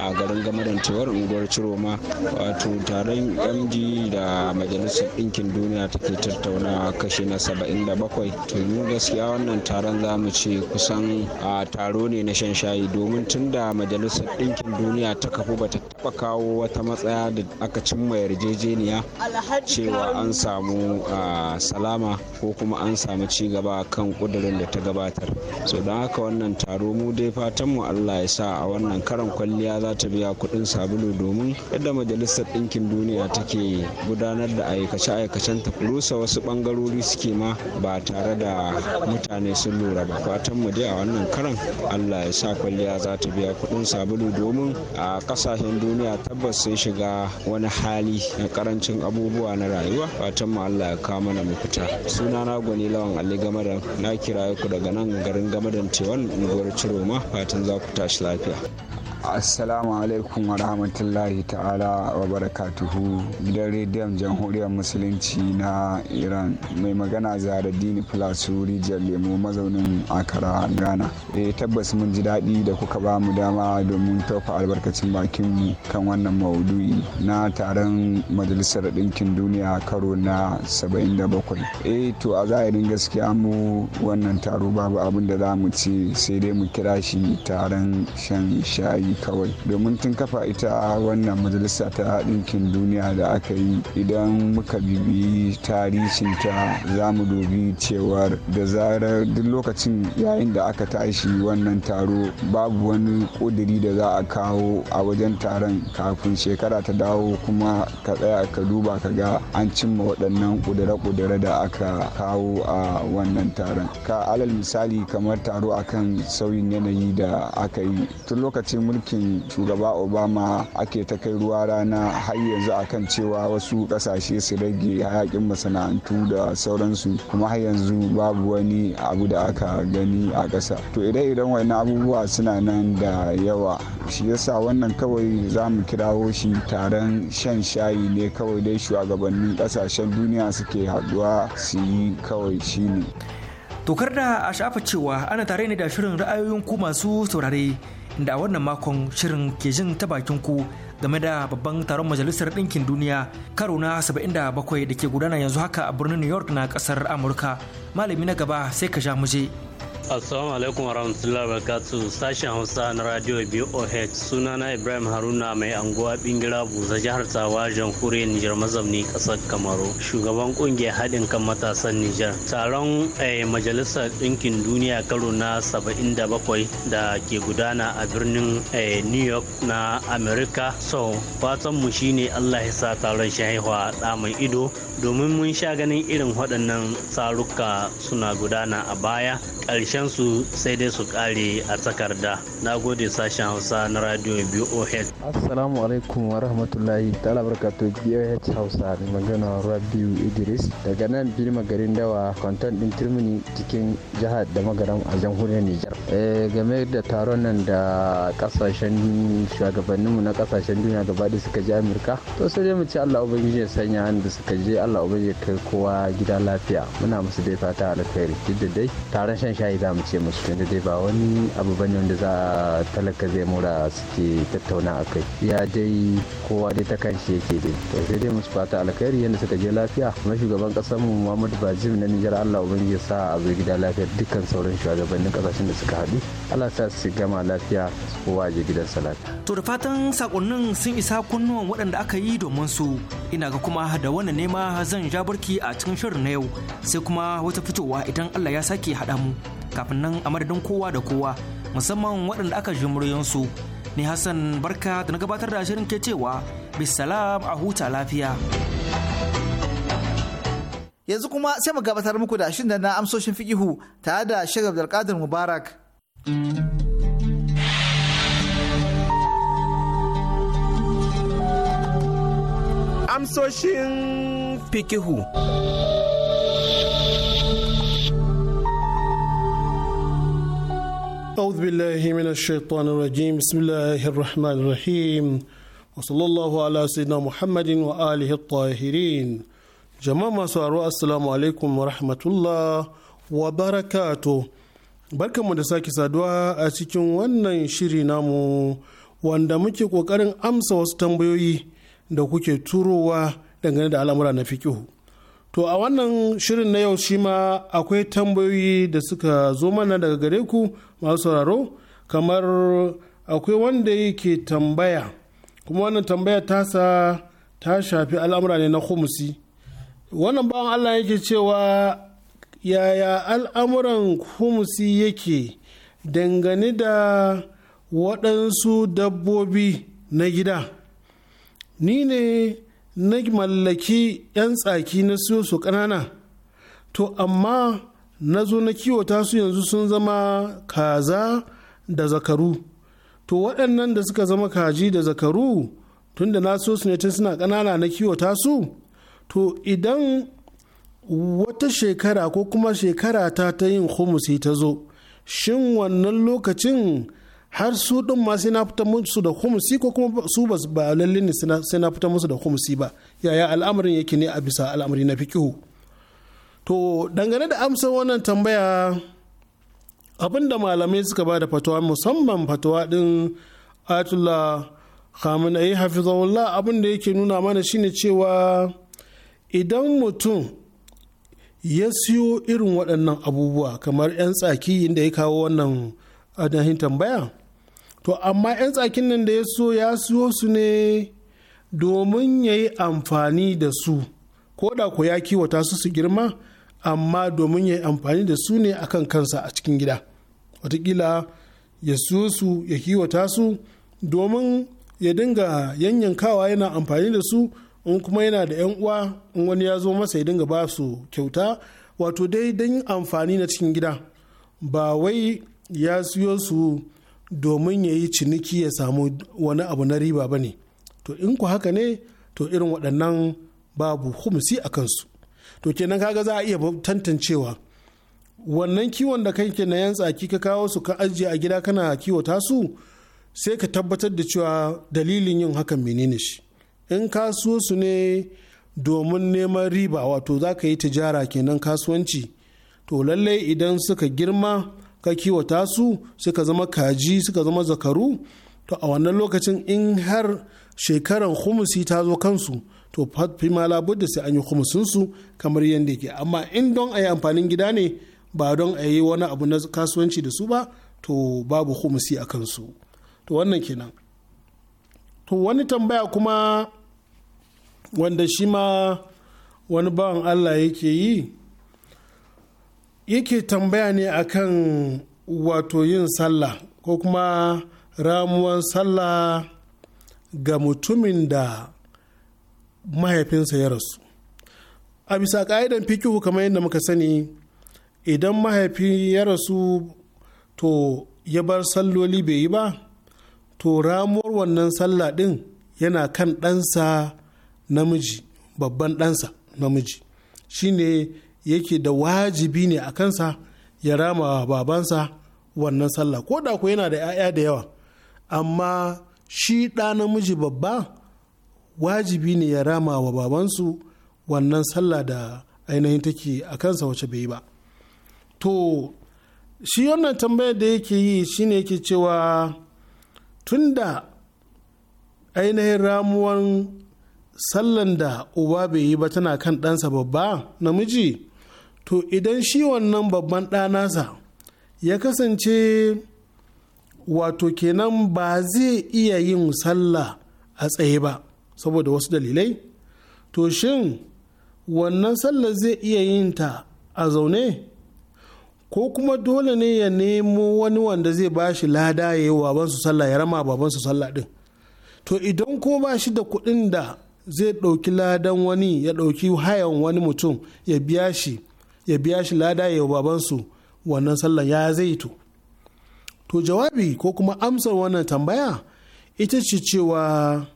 a garin gamadan cewar unguwar ciroma wato taron md da majalisar ɗinkin duniya take tattaunawa kashi na saba'in da bakwai to mu gaskiya wannan taron za mu ce kusan taro ne na shan shayi domin tun da majalisar ɗinkin duniya ta kafu bata taba kawo wata matsaya da aka cimma yarjejeniya cewa an samu salama ko kuma an samu ci gaba kan kudirin da ta gabatar so don haka wannan taro mu dai fatan mu Allah ya sa a wannan karan kwalliya za ta biya kudin sabulu domin yadda majalisar ɗinkin duniya take gudanar da aikace-aikacen ta rusa wasu bangarori suke ma ba tare da mutane sun lura ba fatan mu dai a wannan karan Allah ya sa kwalliya za ta biya kudin sabulu domin a kasashen duniya tabbas sun shiga wani hali na karancin abubuwa na rayuwa fatan mu Allah ya kawo mana mafita suna na gwani lawan Ali Gamadan na kira ku daga nan garin Gamadan Tewan unguwar Ciroma fatan za ku tashi lafiya assalamu alaikum wa rahmatullahi ta'ala wa barakatuhu gidan rediyon jamhuriyar musulunci na iran mai magana dini filasu rijiyar lemo mazaunin akara ghana e tabbas mun ji daɗi da kuka ba mu dama domin tofa albarkacin bakinmu kan wannan maudu'i na taron majalisar ɗinkin duniya karo na 77 e eh, to a zahirin gaskiya mu wannan taro babu abin da za mu ci sai dai mu kira shi taron shan shayi kawai domin tun kafa ita wannan majalisa ta ɗinkin duniya da aka yi idan muka bibi tarihinta za mu dubi cewar da zarar duk lokacin yayin da aka tashi wannan taro babu wani ƙudiri da za a kawo a wajen taron kafin shekara ta dawo kuma ka tsaya ka duba ka ga an cimma waɗannan ƙudire-ƙudire da aka kawo a wannan taron ka alal misali kamar taro akan sauyin yanayi da aka yi tun lokacin mulkin shugaba obama ake ta kai ruwa rana har yanzu akan cewa wasu kasashe su rage hayakin masana'antu da sauransu kuma har yanzu babu wani abu da aka gani a ƙasa to idan idan wani abubuwa suna nan da yawa shi yasa wannan kawai za mu kirawo shi taron shan shayi ne kawai dai shugabannin kasashen duniya suke haduwa su yi kawai shi ne tokar da a shafa cewa ana tare ne da shirin ra'ayoyin ku masu saurare da a wannan makon shirin ke jin ta bakin ku game da babban taron majalisar ɗinkin duniya karo na 77 da ke gudana yanzu haka a birnin new york na ƙasar amurka malami na gaba sai ka ja muje. Assalamu alaikum warahmatullahi wabarakatuh sashen Hausa na Radio BOH sunana Ibrahim Haruna mai anguwa Bingira Buza jihar Tawa jamhuriyar Nijar mazamni kasar Kamaru shugaban kungiyar haɗin kan matasan Nijar taron eh, majalisar ɗinkin duniya karo na 77 da ke gudana a birnin eh, New York na America so fatan mu shine Allah ya sa taron shi haihuwa da mai ido domin mun sha ganin irin waɗannan tsaruka suna gudana a baya ƙarshe ƙarshen su sai dai su ƙare a takarda na gode sashen hausa na radio boh assalamu alaikum wa rahmatullahi ta'ala barkatu boh hausa ne magana rabiu idris daga nan birma garin dawa kwanton din turmini cikin jihar da magaram a jamhuriyar nijar eh, game da taron nan da kasashen shugabanninmu na kasashen duniya gaba suka je amurka to sai dai mu ci allah ubangiji ya sanya da suka je allah ubangiji ya kai kowa gida lafiya muna musu dai fata alkhairi duk da dai taron shan shayi za mu ce musu yanzu dai ba wani abu bane wanda za a talaka zai mura suke tattauna a kai ya dai kowa dai ta kan shi yake dai to sai dai musu fata alkhairi yadda suka je lafiya kuma shugaban kasar mu Muhammadu Bazim na Nijar Allah ubangiji sa a zo gida lafiya dukkan sauran shugabannin kasashen da suka haɗu Allah sa su gama lafiya kowa je gidan lafiya. To da fatan sakonnin sun isa kunnuwan waɗanda aka yi domin su ina ga kuma da wannan nema zan ja barki a cikin shirin na yau sai kuma wata fitowa idan Allah ya sake haɗa mu kafin nan a madadin kowa da kowa musamman waɗanda aka ji muryansu ni Hassan barka da na gabatar da shirin ke cewa bisalam a huta lafiya. Yanzu kuma sai mu gabatar muku da shirin da na amsoshin fikihu tare da Sheikh Abdulkadir Mubarak. Amsoshin fikihu. أعوذ بالله من الشيطان الرجيم بسم الله الرحمن الرحيم وصلى الله على سيدنا محمد وآله الطاهرين jama'a sauraro assalamu alaikum wa rahmatullah wa barakatu barkanmu da sake saduwa a cikin wannan shiri namu wanda muke ƙoƙarin amsa wasu tambayoyi da kuke turowa dangane da al'amura na fikihu To a wannan shirin na yau shi ma akwai tambayoyi da suka zo mana daga gare ku masu sauraro kamar akwai wanda yake tambaya kuma wannan tambaya tasa ta shafi al'amura ne na humusi wannan bawan Allah yake cewa yaya al'amuran humusi yake dangane da waɗansu dabbobi na gida ni ne na mallaki 'yan tsaki na siyo su ƙanana to amma na zo na kiwata su yanzu sun zama kaza da zakaru to waɗannan da suka zama kaji da zakaru tunda na so su ne tun suna ƙanana na kiwata su to idan wata shekara ko kuma shekara ta ta yin humusi ta zo shin wannan lokacin har su din ma sai na fita musu da humsi ko kuma su ba lalle ne sai na fita musu da humsi ba yaya al'amarin yake ne a bisa al'amari na fikihu to dangane da amsar wannan tambaya abinda malamai suka ba da fatawa musamman fatawa din atullah khamenei eh, hafizahullah abin da yake nuna mana shine cewa idan mutum ya siyo irin waɗannan abubuwa kamar 'yan tsaki inda ya kawo wannan adahin tambaya to amma 'yan tsakin nan da ya so ya siyo su ne domin ya yi amfani da su ko da ko ya kiwata su su girma amma domin ya yi amfani da su ne akan kansa a cikin gida watakila ya siyo su ya kiwata su domin ya dinga yanyankawa yana amfani da su in kuma yana da 'yan uwa in wani ya zo masa ya dinga ba su kyauta wato dai don amfani na cikin gida ba wai ya siyo su domin ya yi ciniki ya samu wani abu na riba ba ne to in ku haka ne to irin waɗannan babu humsi a kansu to kenan kaga za a iya tantancewa wannan kiwon da kai ke na yan tsaki ka kawo su ka ajiye a gida kana kiwata su sai ka tabbatar da cewa dalilin yin hakan menene shi in kasuwa su ne domin neman riba wato za ka yi tijara kenan kasuwanci to lallai idan suka girma ka kiwata su suka zama kaji suka zama zakaru to a wannan lokacin in har shekaran humusi ta zo kansu to fi ma labudda sai an yi humusinsu kamar yadda ke. amma in don a yi amfanin gida ne ba don a yi wani abu na kasuwanci da su ba to babu humusi a kansu to wannan kenan to wani tambaya kuma wanda shi ma wani bawan allah yake yi yake tambaya ne akan wato yin sallah ko kuma ramuwan sallah ga mutumin da mahaifinsa ya rasu a bisa ka'idan fikihu kamar yadda muka sani idan mahaifi ya rasu to ya bar salloli bai yi ba to ramuwar wannan sallah din yana kan ɗansa namiji babban ɗansa namiji shine yake da wajibi ne a kansa ya rama babansa wannan sallah ko da ku yana da 'ya'ya da yawa amma shi ɗa namiji babba wajibi ne ya rama wa babansu wannan sallah da ainihin take a kansa wace bai yi ba to shi wannan tambayar da yake yi shine yake cewa tunda ainihin ramuwan sallan da uba bai yi ba tana kan ɗansa babba namiji to idan shi wannan babban ɗa nasa ya kasance wato kenan ba zai iya yin sallah a tsaye ba saboda wasu dalilai to shin wannan sallah zai iya yin ta a zaune ko kuma dole ne ya nemo wani wanda zai ba shi lada ya yi su sallah ya rama babansu sallah din to idan ko ba shi da kuɗin da zai ɗauki ladan wani ya ɗauki hayan wani mutum ya biya shi ya biya shi lada ya babansu wannan sallan ya zai to jawabi ko kuma amsar wannan tambaya ita ce cewa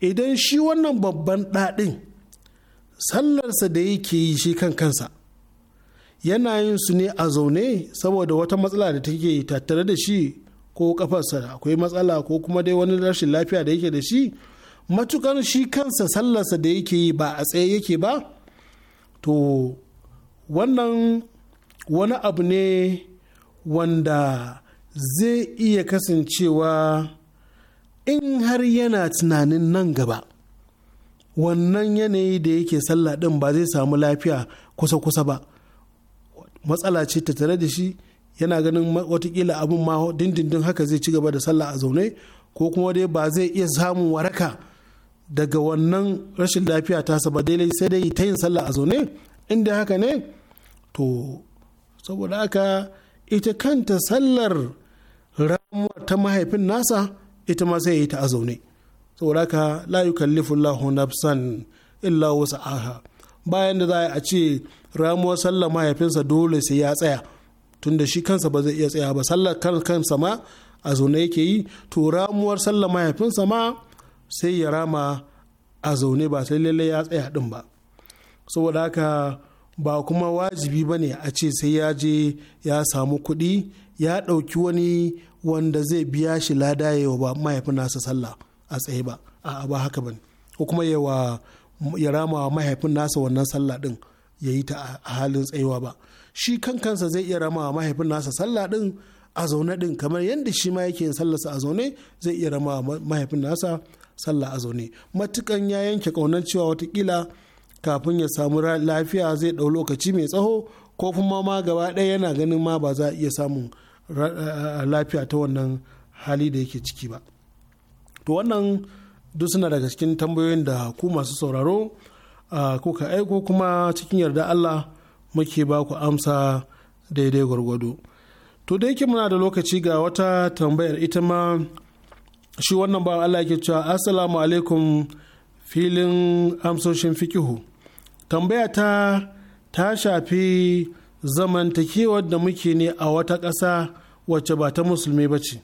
idan shi wannan babban ɗaɗin sallarsa da yake yi shi kan kansa yana yin su ne a zaune saboda wata matsala da take tattare da shi ko kafarsa akwai matsala ko kuma dai wani rashin lafiya da yake da shi matukar shi kansa sallarsa da yake yi ba a tsaye yake ba to wannan wani abu ne wanda zai iya kasancewa in har yana tunanin nan gaba wannan yanayi da yake sallah ɗin ba zai samu lafiya kusa-kusa ba matsala ce ta tare da shi yana ganin watakila abin ma dindindin haka zai ci gaba da sallah a zaune ko kuma dai ba zai iya samun waraka daga wannan rashin lafiya tasa ba daidai sai dai ta yin sallah a zaune inda haka ne to saboda haka ita kanta sallar ramuwar ta mahaifin nasa ita ma sai yi ta azaune saboda haka la yukallifu Allahu nafsan illa aha, bayan da za a ce ramuwar sallar mahaifinsa dole sai ya tsaya tunda shi kansa ba zai iya tsaya ba sallar kan kansa ma a zaune yake yi to ramuwar sallar mahaifinsa ma sai ya rama a zaune ba sai lallai ya tsaya din ba saboda haka ba kuma wajibi ba ne a ce sai ya je ya samu kuɗi ya ɗauki wani wanda zai biya shi lada yawa ba mahaifin nasa sallah a tsaye ba a ba haka ba ko kuma yawa ya rama mahaifin nasa wannan sallah ɗin ya yi ta a halin tsayuwa ba shi kan kansa zai iya rama mahaifin nasa sallah ɗin a zaune ɗin kamar yadda shi ma yake yin sallarsa a zaune zai iya rama mahaifin nasa sallah a zaune matukan ya yanke ƙaunar cewa watakila kafin ya samu lafiya zai ɗau lokaci mai tsaho ko kuma ma gaba ɗaya yana ganin ma ba za a iya samun lafiya ta wannan hali da yake ciki ba to wannan duk suna daga cikin tambayoyin da ku masu sauraro ka aiko kuma cikin yarda allah muke ba ku amsa daidai gwargwado to da yake muna da lokaci ga wata tambayar ita ma shi wannan ba allah ke cewa assalamu alaikum filin amsoshin fikihu tambaya ta ta shafi zamantakewar da muke ne a wata ƙasa wacce ba ta musulmi ba ce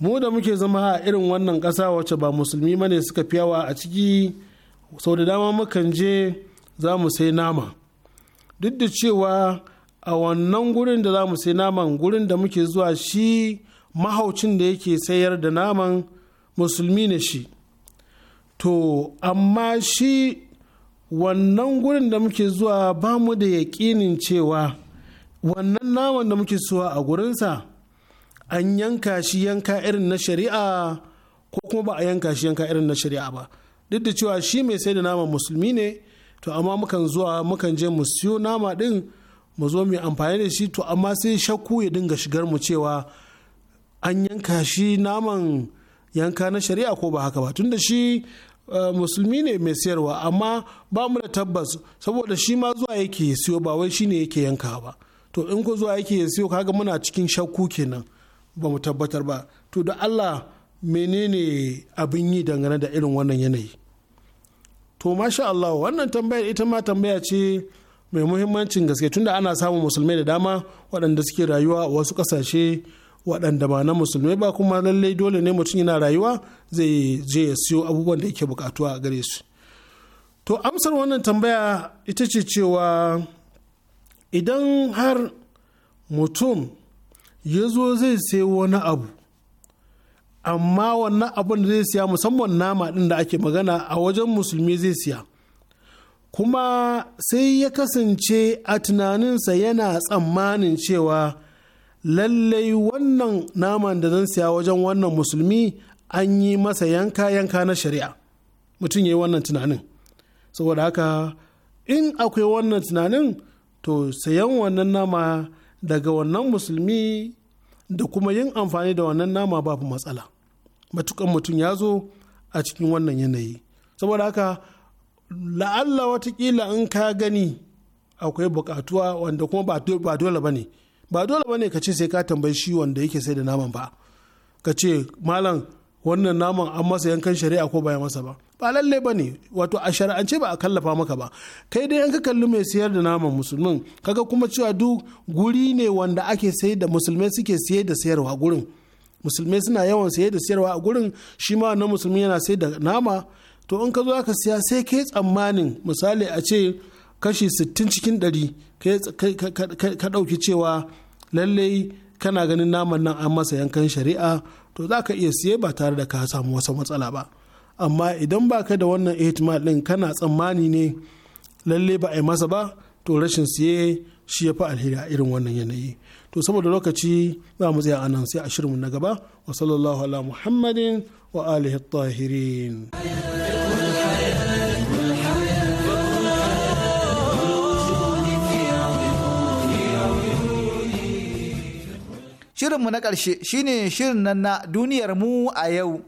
mu da muke zama a irin wannan ƙasa wacce ba musulmi ba ne suka fi yawa a ciki sau da dama mukan je za mu sai nama duk da cewa a wannan gurin da za mu sai naman gurin da muke zuwa shi mahaucin da yake sayar da naman musulmi ne shi to amma shi wannan gurin da muke zuwa ba mu da yaƙinin cewa wannan naman da muke suwa a gurinsa an yanka shi yanka irin na shari'a ko kuma ba a yanka shi yanka irin na shari'a ba duk da cewa shi mai sai da nama musulmi ne to amma mukan zuwa mukan je mu siyo nama din mu zo mu amfani da shi to amma sai shakku ya dinga shigar mu cewa an yanka shi naman yanka na shari'a ko ba haka ba tunda shi Eh, musulmi ne mai siyarwa amma ba mu da tabbas saboda shi ma zuwa yake ya siyo ba wai shine yake yanka ba to in ko zuwa yake ya siyo kaga muna cikin shakku kenan ba mu tabbatar ba to da Allah menene abin yi dangane da irin wannan yanayi to masha Allah wannan tambaya ita ma tambaya ce mai muhimmancin gaske tunda ana samun musulmai da dama waɗanda suke rayuwa a wasu ƙasashe waɗanda ba na musulmi ba kuma lallai dole ne mutum yana rayuwa zai je ya siyo abubuwan da yake bukatu a gare su to amsar wannan tambaya ita ce cewa idan har mutum ya zo zai sayo wani abu amma wannan abin da zai siya musamman nama ɗin da ake magana a wajen musulmi zai siya kuma sai ya kasance a tunaninsa yana tsammanin cewa lallai wannan naman da zan siya wajen wannan musulmi an yi masa yanka yanka na shari'a mutum ya yi wannan tunanin saboda haka in akwai wannan tunanin to sayan wannan nama daga wannan musulmi da kuma yin amfani da wannan nama babu matsala matukan mutum ya zo a cikin wannan yanayi saboda haka la'alla watakila in ka gani akwai bukatuwa wanda kuma ba dole ba ne ba dole bane ka ce sai ka tambayi shi wanda yake sai da naman ba ka ce malam wannan naman an masa yankan shari'a ko baya masa ba ba lalle bane wato a shari'ance ba a kallafa maka ba kai dai an ka kalli mai sayar da naman musulmin kaga kuma cewa duk guri ne wanda ake sai da musulmai suke siye da sayarwa gurin musulmai suna yawan saye da sayarwa a gurin shi ma na musulmi yana sayar da nama to in ka zo aka siya sai kai tsammanin misali a ce kashi 60 cikin 100 ka ɗauki cewa lallai kana ganin naman nan an masa yankan shari'a to za ka iya siye ba tare da ka samu wasu matsala ba amma idan ba ka da wannan ihtimal ɗin kana tsammani ne lallai ba a yi masa ba to rashin siye shi ya fi alheri a irin wannan yanayi to saboda lokaci za mu tsaya anan sai a shirinmu na gaba wa sallallahu ala muhammadin wa alihi tahirin Shirinmu na ƙarshe shine shirin nan na duniyar mu a yau.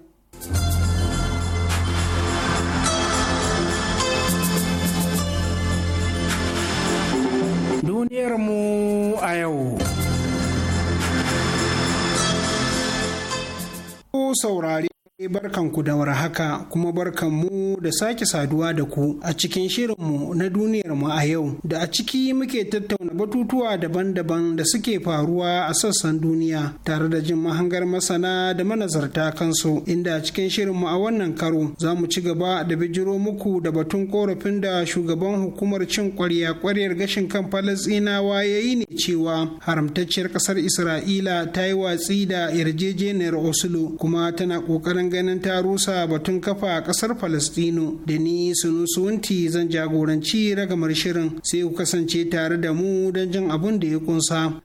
Duniyar mu a yau. saurari E, barkanku da haka kuma barkanmu da sake saduwa da ku a cikin shirinmu na duniyarmu a yau da a ciki muke tattauna batutuwa daban-daban da suke faruwa a sassan duniya tare da jin mahangar masana da manazarta kansu inda a cikin shirinmu a wannan karo za mu ci gaba da bijiro muku da batun korafin da shugaban hukumar cin kwarya kwaryar gashin kan falasɗinawa ya yi ne cewa haramtacciyar ƙasar isra'ila ta yi watsi da yarjejeniyar oslo kuma tana ƙoƙarin ganin ta rusa batun kafa a kasar Falastino da ni sunusunti zan jagoranci ragamar shirin sai ku kasance tare da mu don jin abin da ya kunsa.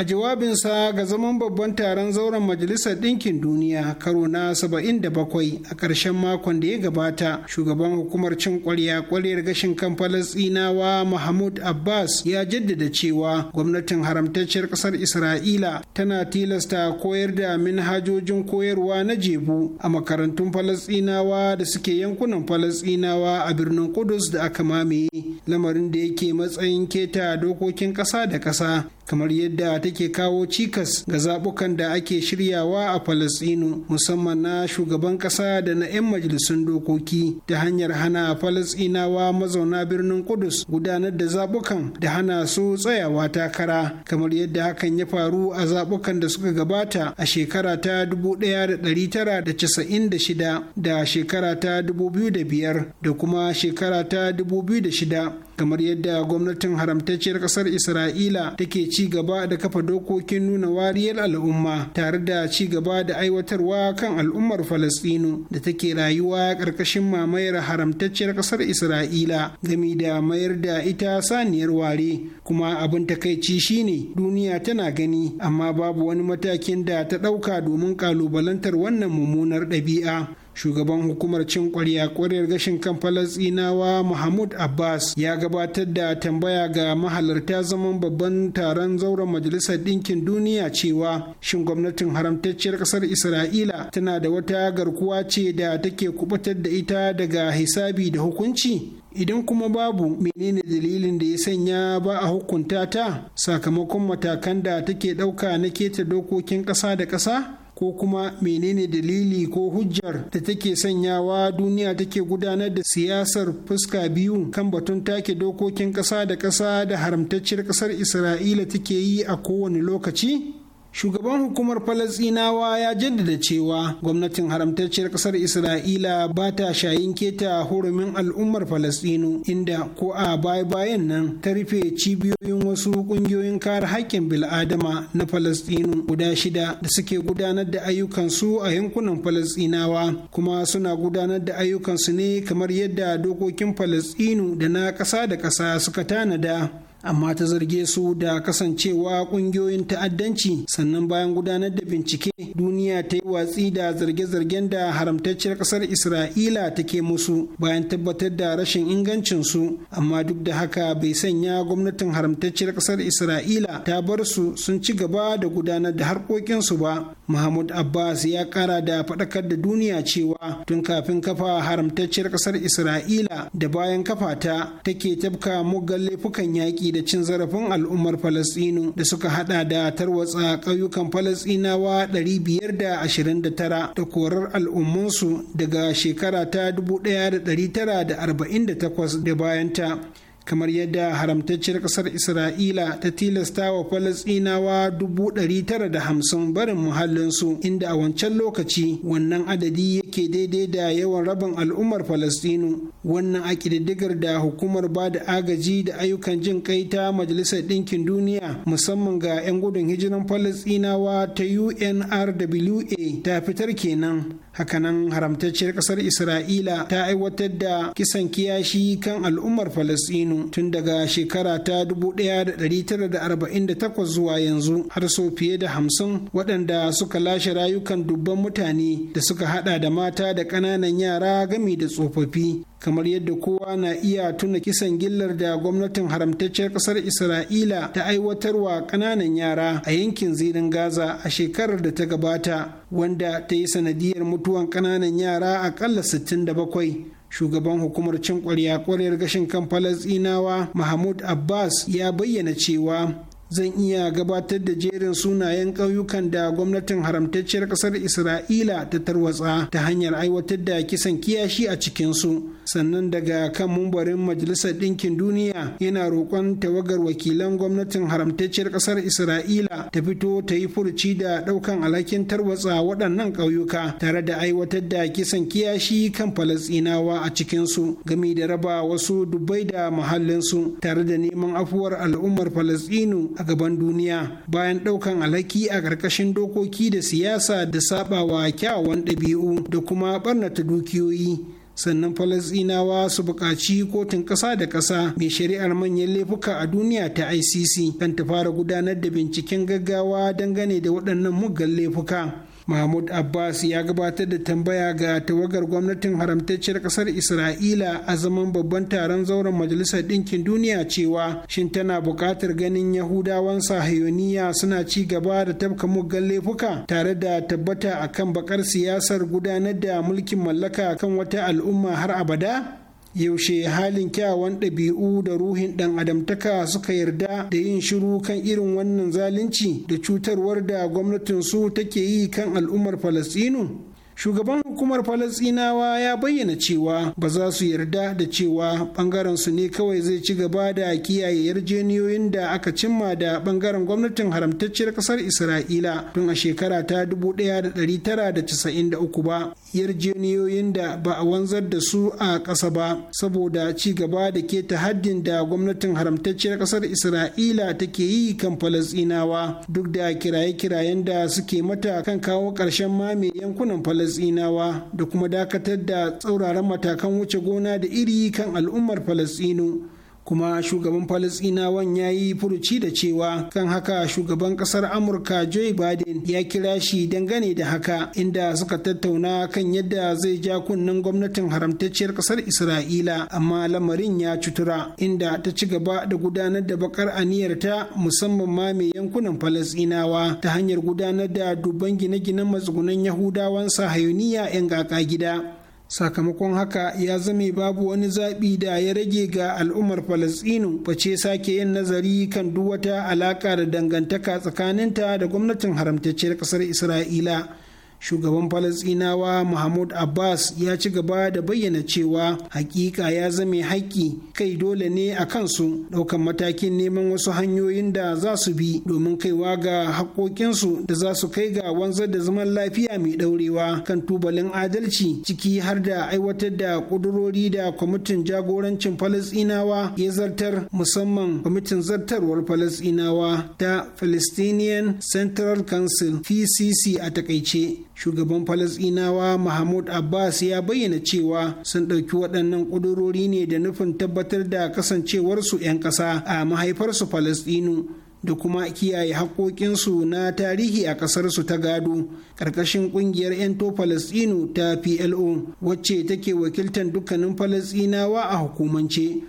a jawabinsa ga zaman babban taron zauren majalisar ɗinkin duniya karo na 77 a ƙarshen makon da ya gabata shugaban hukumar cin ƙwarya ƙwarya gashin kan falasɗinawa mahmud abbas ya jaddada cewa gwamnatin haramtacciyar ƙasar isra'ila tana tilasta koyar da minhajojin koyarwa na jebu a makarantun falasɗinawa da suke yankunan falasɗinawa a birnin kudus da aka mamaye lamarin da yake matsayin keta dokokin ƙasa da ƙasa kamar yadda take kawo cikas ga zaɓukan da ake shiryawa a falasɗinu musamman na shugaban ƙasa da na 'yan majalisun dokoki ta hanyar hana falasɗinawa mazauna birnin kudus gudanar da zaɓukan da hana su tsayawa takara kamar yadda hakan ya faru a zaɓukan da suka gabata a shekara ta 1996 da shekara ta 2005 da kuma shekara ta 2006 kamar yadda gwamnatin haramtacciyar kasar isra'ila take ci gaba da kafa dokokin nuna wariyar al'umma tare da ci gaba da aiwatarwa kan al'ummar falastinu da take rayuwa ƙarƙashin mamayar haramtacciyar kasar isra'ila gami da mayar da ita saniyar ware kuma abin takaici shine duniya tana gani amma babu wani matakin da ta ɗauka domin ƙalubalantar wannan mummunar ɗabi'a shugaban hukumar cin kwarya kwaryar gashin kan falasinawa mahmud abbas ya gabatar da tambaya ga mahalarta zaman babban taron zauren majalisar ɗinkin duniya cewa shin gwamnatin haramtacciyar ƙasar isra'ila tana da wata garkuwa ce da take kubutar da ita daga hisabi da hukunci idan kuma babu menene dalilin da ya sanya ba a hukunta ta sakamakon matakan da take ɗauka na keta dokokin ƙasa da ƙasa ko kuma menene dalili ko hujjar da take sanyawa duniya take gudanar da siyasar fuska biyu kan batun take dokokin ƙasa da ƙasa da haramtacciyar ƙasar isra'ila take yi a kowane lokaci Shugaban hukumar Falasinawa ya jaddada cewa gwamnatin haramtacciyar ƙasar Isra'ila ba ta shayin keta hurumin al'ummar Falasinu inda ko a baya-bayan nan ta rufe cibiyoyin wasu ƙungiyoyin kare haƙƙin bil'adama na Falasinu guda shida da suke gudanar da ayyukansu a yankunan Falasinawa kuma suna gudanar da ayyukansu ne kamar yadda dokokin Falasinu da na ƙasa da ƙasa suka tanada. amma ta zarge su da kasancewa kungiyoyin ta'addanci sannan bayan gudanar da bincike duniya ta yi watsi da zarge-zargen da haramtacciyar kasar isra'ila take musu bayan tabbatar da rashin ingancinsu. amma duk da haka bai sanya gwamnatin haramtacciyar kasar isra'ila ta bar su sun ci gaba da gudanar da harkokinsu ba mahmud abbas ya kara da faɗakar da duniya cewa tun kafin kafa haramtacciyar kasar isra'ila da bayan kafa ta take tabka muggan laifukan yaƙi da cin zarafin al'ummar falasinu da suka hada da tarwatsa ƙauyukan falasinawa 529 da korar al'ummansu daga shekara ta 1948 da bayanta. kamar yadda haramtacciyar ƙasar isra'ila ta tilasta wa falasɗinawa dubu ɗari tara da hamsin barin muhallinsu inda a wancan lokaci wannan adadi yake daidai da yawan rabin al'ummar falasɗinu wannan a ƙididdigar da hukumar ba da agaji da ayyukan jin kai ta majalisar ɗinkin duniya musamman ga 'yan gudun hijiran falasɗinawa ta unrwa ta fitar kenan hakanan haramtacciyar ƙasar isra'ila ta aiwatar da kisan kiyashi kan al'ummar falasɗinu tun daga shekara ta 1948 zuwa yanzu har sau fiye da hamsin waɗanda suka lashe rayukan dubban mutane da suka hada da mata da ƙananan yara gami da tsofaffi kamar yadda kowa na iya tuna kisan gillar da gwamnatin haramtacciyar ƙasar isra'ila ta aiwatarwa ƙananan yara a yankin zirin gaza a shekarar da ta gabata wanda ta yi sanadiyar mutuwan ƙananan yara aƙalla 67 shugaban hukumar cin ƙwarya kwaryar gashin kan falasinawa mahmud abbas ya bayyana cewa zan iya gabatar da jerin sunayen ƙauyukan da gwamnatin haramtacciyar ƙasar isra'ila ta tarwatsa ta hanyar aiwatar da kisan kiyashi a cikinsu sannan daga kan mumbarin majalisar ɗinkin duniya yana roƙon tawagar wakilan gwamnatin haramtacciyar ƙasar isra'ila ta fito ta yi furuci da ɗaukan alhakin tarwatsa waɗannan ƙauyuka tare da aiwatar da kisan kiyashi kan falasɗinawa a cikinsu gami da raba wasu dubai da muhallinsu tare da neman afuwar al'ummar falasɗinu a gaban duniya bayan ɗaukan alhaki a ƙarƙashin dokoki da siyasa da saɓawa kyawawan ɗabi'u da kuma ɓarnata dukiyoyi sannan falasinawa su buƙaci kotun ƙasa da ƙasa mai shari'ar manyan laifuka a duniya ta icc kan ta fara gudanar da binciken gaggawa dangane da waɗannan muggan laifuka mahmud abbas ya gabatar da tambaya ga tawagar gwamnatin haramtacciyar kasar isra'ila a zaman babban taron zauren majalisar ɗinkin duniya cewa shin tana buƙatar ganin yahudawan sahayoniya suna ci gaba da tafka muggan laifuka tare da tabbata akan bakar siyasar gudanar da mulkin mallaka kan wata al'umma har abada yaushe halin kyawan ɗabi'u da ruhin ɗan adamtaka suka yarda da yin shiru kan irin wannan zalunci da cutarwar da gwamnatinsu take yi kan al'ummar Falasinu? shugaban hukumar falasinawa ya bayyana cewa ba za su yarda da cewa bangaren su ne kawai zai ci gaba da kiyaye yarjeniyoyin da aka cimma da bangaren gwamnatin haramtacciyar ƙasar isra'ila tun a shekara ta 1993 ba yarjejeniyoyin da ba a wanzar da su a ƙasa ba saboda ci gaba da ke ta haddin da gwamnatin haramtacciyar ƙasar isra'ila take yi kan falasɗinawa duk da kiraye-kirayen da suke mata kan kawo ƙarshen mame yankunan falasɗinawa da kuma dakatar da tsauraran matakan wuce gona da iri kan al'ummar falasɗinu kuma shugaban falasinawan ya yi furuci da cewa kan haka shugaban kasar amurka joe biden ya kira shi dangane da haka inda suka tattauna kan yadda zai ja kunnen gwamnatin haramtacciyar kasar isra'ila amma lamarin ya cutura inda ta ci gaba da gudanar da bakar aniyarta musamman ma mai yankunan falasinawa ta hanyar gudanar da dubban gine-ginen matsugunan yahudawan sahayuniya 'yan gaka gida sakamakon haka ya zame babu wani zaɓi da ya rage ga al'ummar falasɗinu face sake yin nazari kan duk wata alaƙa da dangantaka tsakaninta da gwamnatin haramtacciyar ƙasar isra'ila shugaban falasinawa mahmud abbas ya ci gaba da bayyana cewa hakika ya zame haƙƙi kai dole ne a kansu ɗaukan matakin neman wasu hanyoyin da za su bi domin kaiwa ga haƙoƙinsu da za su kai ga wanzar da zaman lafiya mai ɗaurewa kan tubalin adalci ciki har da aiwatar da ƙudurori da kwamitin jagorancin falasinawa ya zartar musamman kwamitin zartarwar falasinawa ta palestinian central council pcc a takaice shugaban falasinawa mahmud abbas ya bayyana cewa sun ɗauki waɗannan ƙudurori ne da nufin tabbatar da kasancewarsu 'yan ƙasa a mahaifarsu falasɗinu da kuma kiyaye haƙoƙinsu na tarihi a ƙasarsu ta gado ƙarƙashin ƙungiyar 'yanto Falasinu ta plo wacce take wakiltar dukkanin falasɗinawa a hukumance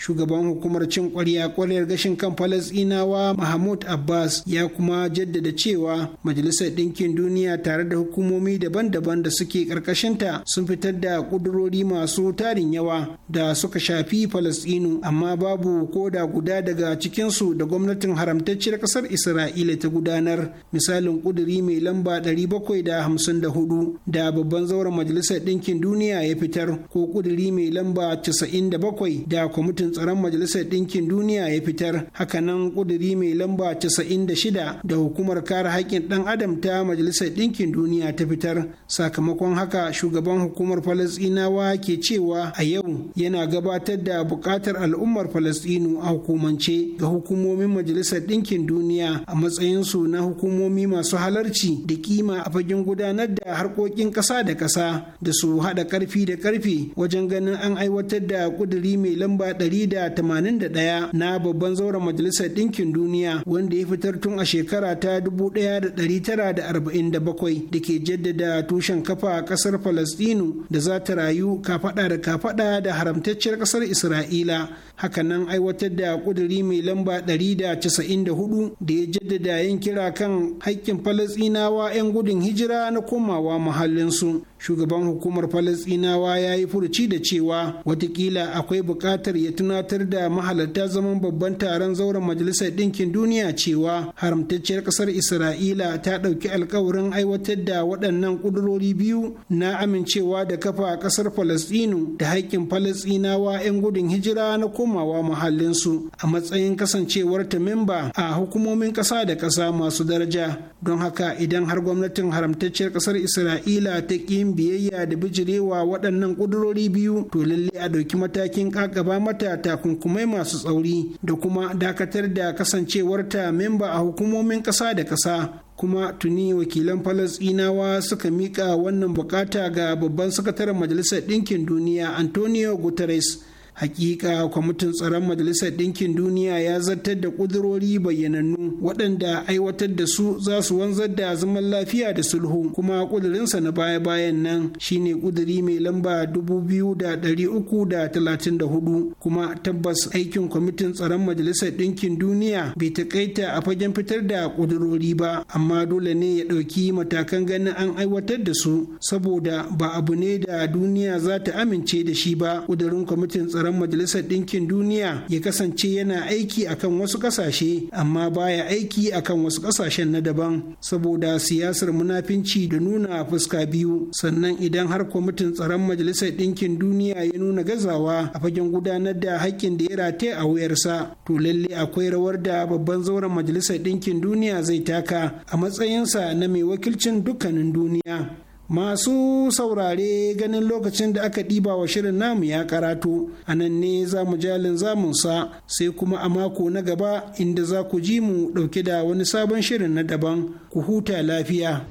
shugaban hukumar cin kwarya kwaryar gashin kan falasinawa mahmud abbas ya kuma jaddada cewa majalisar ɗinkin duniya tare da hukumomi daban-daban da suke ƙarƙashinta sun fitar da ƙudurori masu tarin yawa da suka shafi falasinu amma babu ko da guda daga cikinsu da gwamnatin haramtacciyar ƙasar isra'ila ta gudanar misalin ƙuduri mai lamba 754 da babban zauren majalisar ɗinkin duniya ya fitar ko ƙuduri mai lamba 97 da kwamitin tsaron majalisar ɗinkin duniya ya fitar hakanan ƙuduri mai lamba 96 da hukumar kare haƙƙin ɗan adam ta majalisar ɗinkin duniya ta fitar sakamakon haka shugaban hukumar falasɗinawa ke cewa a yau yana gabatar da buƙatar al'ummar falasɗinu a hukumance ga hukumomin majalisar ɗinkin duniya a matsayinsu na hukumomi masu halarci da kima a fagen gudanar da harkokin ƙasa da ƙasa da su haɗa ƙarfi da ƙarfi wajen ganin an aiwatar da ƙuduri mai lamba ɗari 1981 na babban zauren majalisar ɗinkin duniya wanda ya fitar tun a shekara ta 1947 da ke jaddada tushen kafa a ƙasar falastinu da za ta rayu kafaɗa da kafaɗa da haramtacciyar ƙasar isra'ila hakanan aiwatar da ƙuduri mai lamba 194 da ya jaddada yin kira kan haƙƙin falastinawa 'yan gudun hijira na komawa muhallinsu shugaban hukumar falasinawa ya yi furuci da cewa watakila akwai buƙatar ya tunatar da mahalarta zaman babban taron zauren majalisar ɗinkin duniya cewa haramtacciyar ƙasar isra'ila ta ɗauki alkawarin aiwatar da waɗannan ƙudurori biyu na amincewa da kafa ƙasar falasɗinu da haƙƙin falasɗinawa 'yan gudun hijira na komawa muhallinsu a matsayin kasancewar ta memba a hukumomin ƙasa da ƙasa masu daraja don haka idan har gwamnatin haramtacciyar ƙasar isra'ila ta ƙi yin biyayya da bijirewa waɗannan ƙudurori biyu to lalle a ɗauki matakin ƙaƙaba mata takunkumai masu tsauri da kuma dakatar da kasancewarta memba a hukumomin ƙasa da ƙasa kuma tuni wakilan falasɗinawa suka miƙa wannan buƙata ga babban sakataren majalisar ɗinkin duniya antonio guterres hakika kwamitin tsaron majalisar ɗinkin duniya ya zartar da ƙudurori bayyanannu waɗanda aiwatar da su za su wanzar da zaman lafiya da sulhu kuma ƙudurinsa na baya-bayan nan shine ƙuduri mai lamba 2334 kuma tabbas aikin kwamitin tsaron majalisar ɗinkin duniya bai takaita a fagen fitar da ƙudurori ba amma dole ne ya ɗauki matakan ganin an aiwatar da su saboda ba abu ne da duniya za ta amince da shi ba ƙudurin kwamitin tsaron tsaron majalisar ɗinkin duniya ya kasance yana aiki akan wasu ƙasashe amma baya aiki akan wasu ƙasashen na daban saboda siyasar munafinci da nuna fuska biyu sannan idan har kwamitin tsaron majalisar ɗinkin duniya ya nuna gazawa a fagen gudanar da haƙƙin da ya rate a wuyarsa to lalle akwai rawar da babban zauren majalisar ɗinkin duniya zai taka a matsayinsa na mai wakilcin dukkanin duniya Masu saurare ganin lokacin da aka ɗiba wa shirin namu ya karatu a nan ne za mu jalin zamunsa sai kuma a mako na gaba inda za ku ji mu ɗauke da wani sabon shirin na daban ku huta lafiya.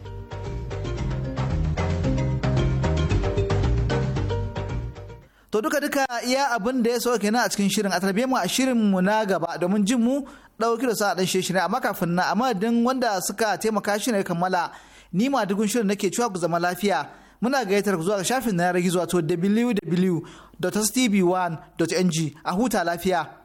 To duka duka iya abin da ya so kenan a cikin shirin a tarbe mu a shirin mu na gaba domin jin mu ɗauki da sa a ɗan shirin amma kafin na amma madadin wanda suka taimaka shi ne kammala. ni ma dugun shirin nake cewa ku zama lafiya muna gayyatar ku zuwa ga shafin na yanar gizo to wwwstv 1ng a huta lafiya.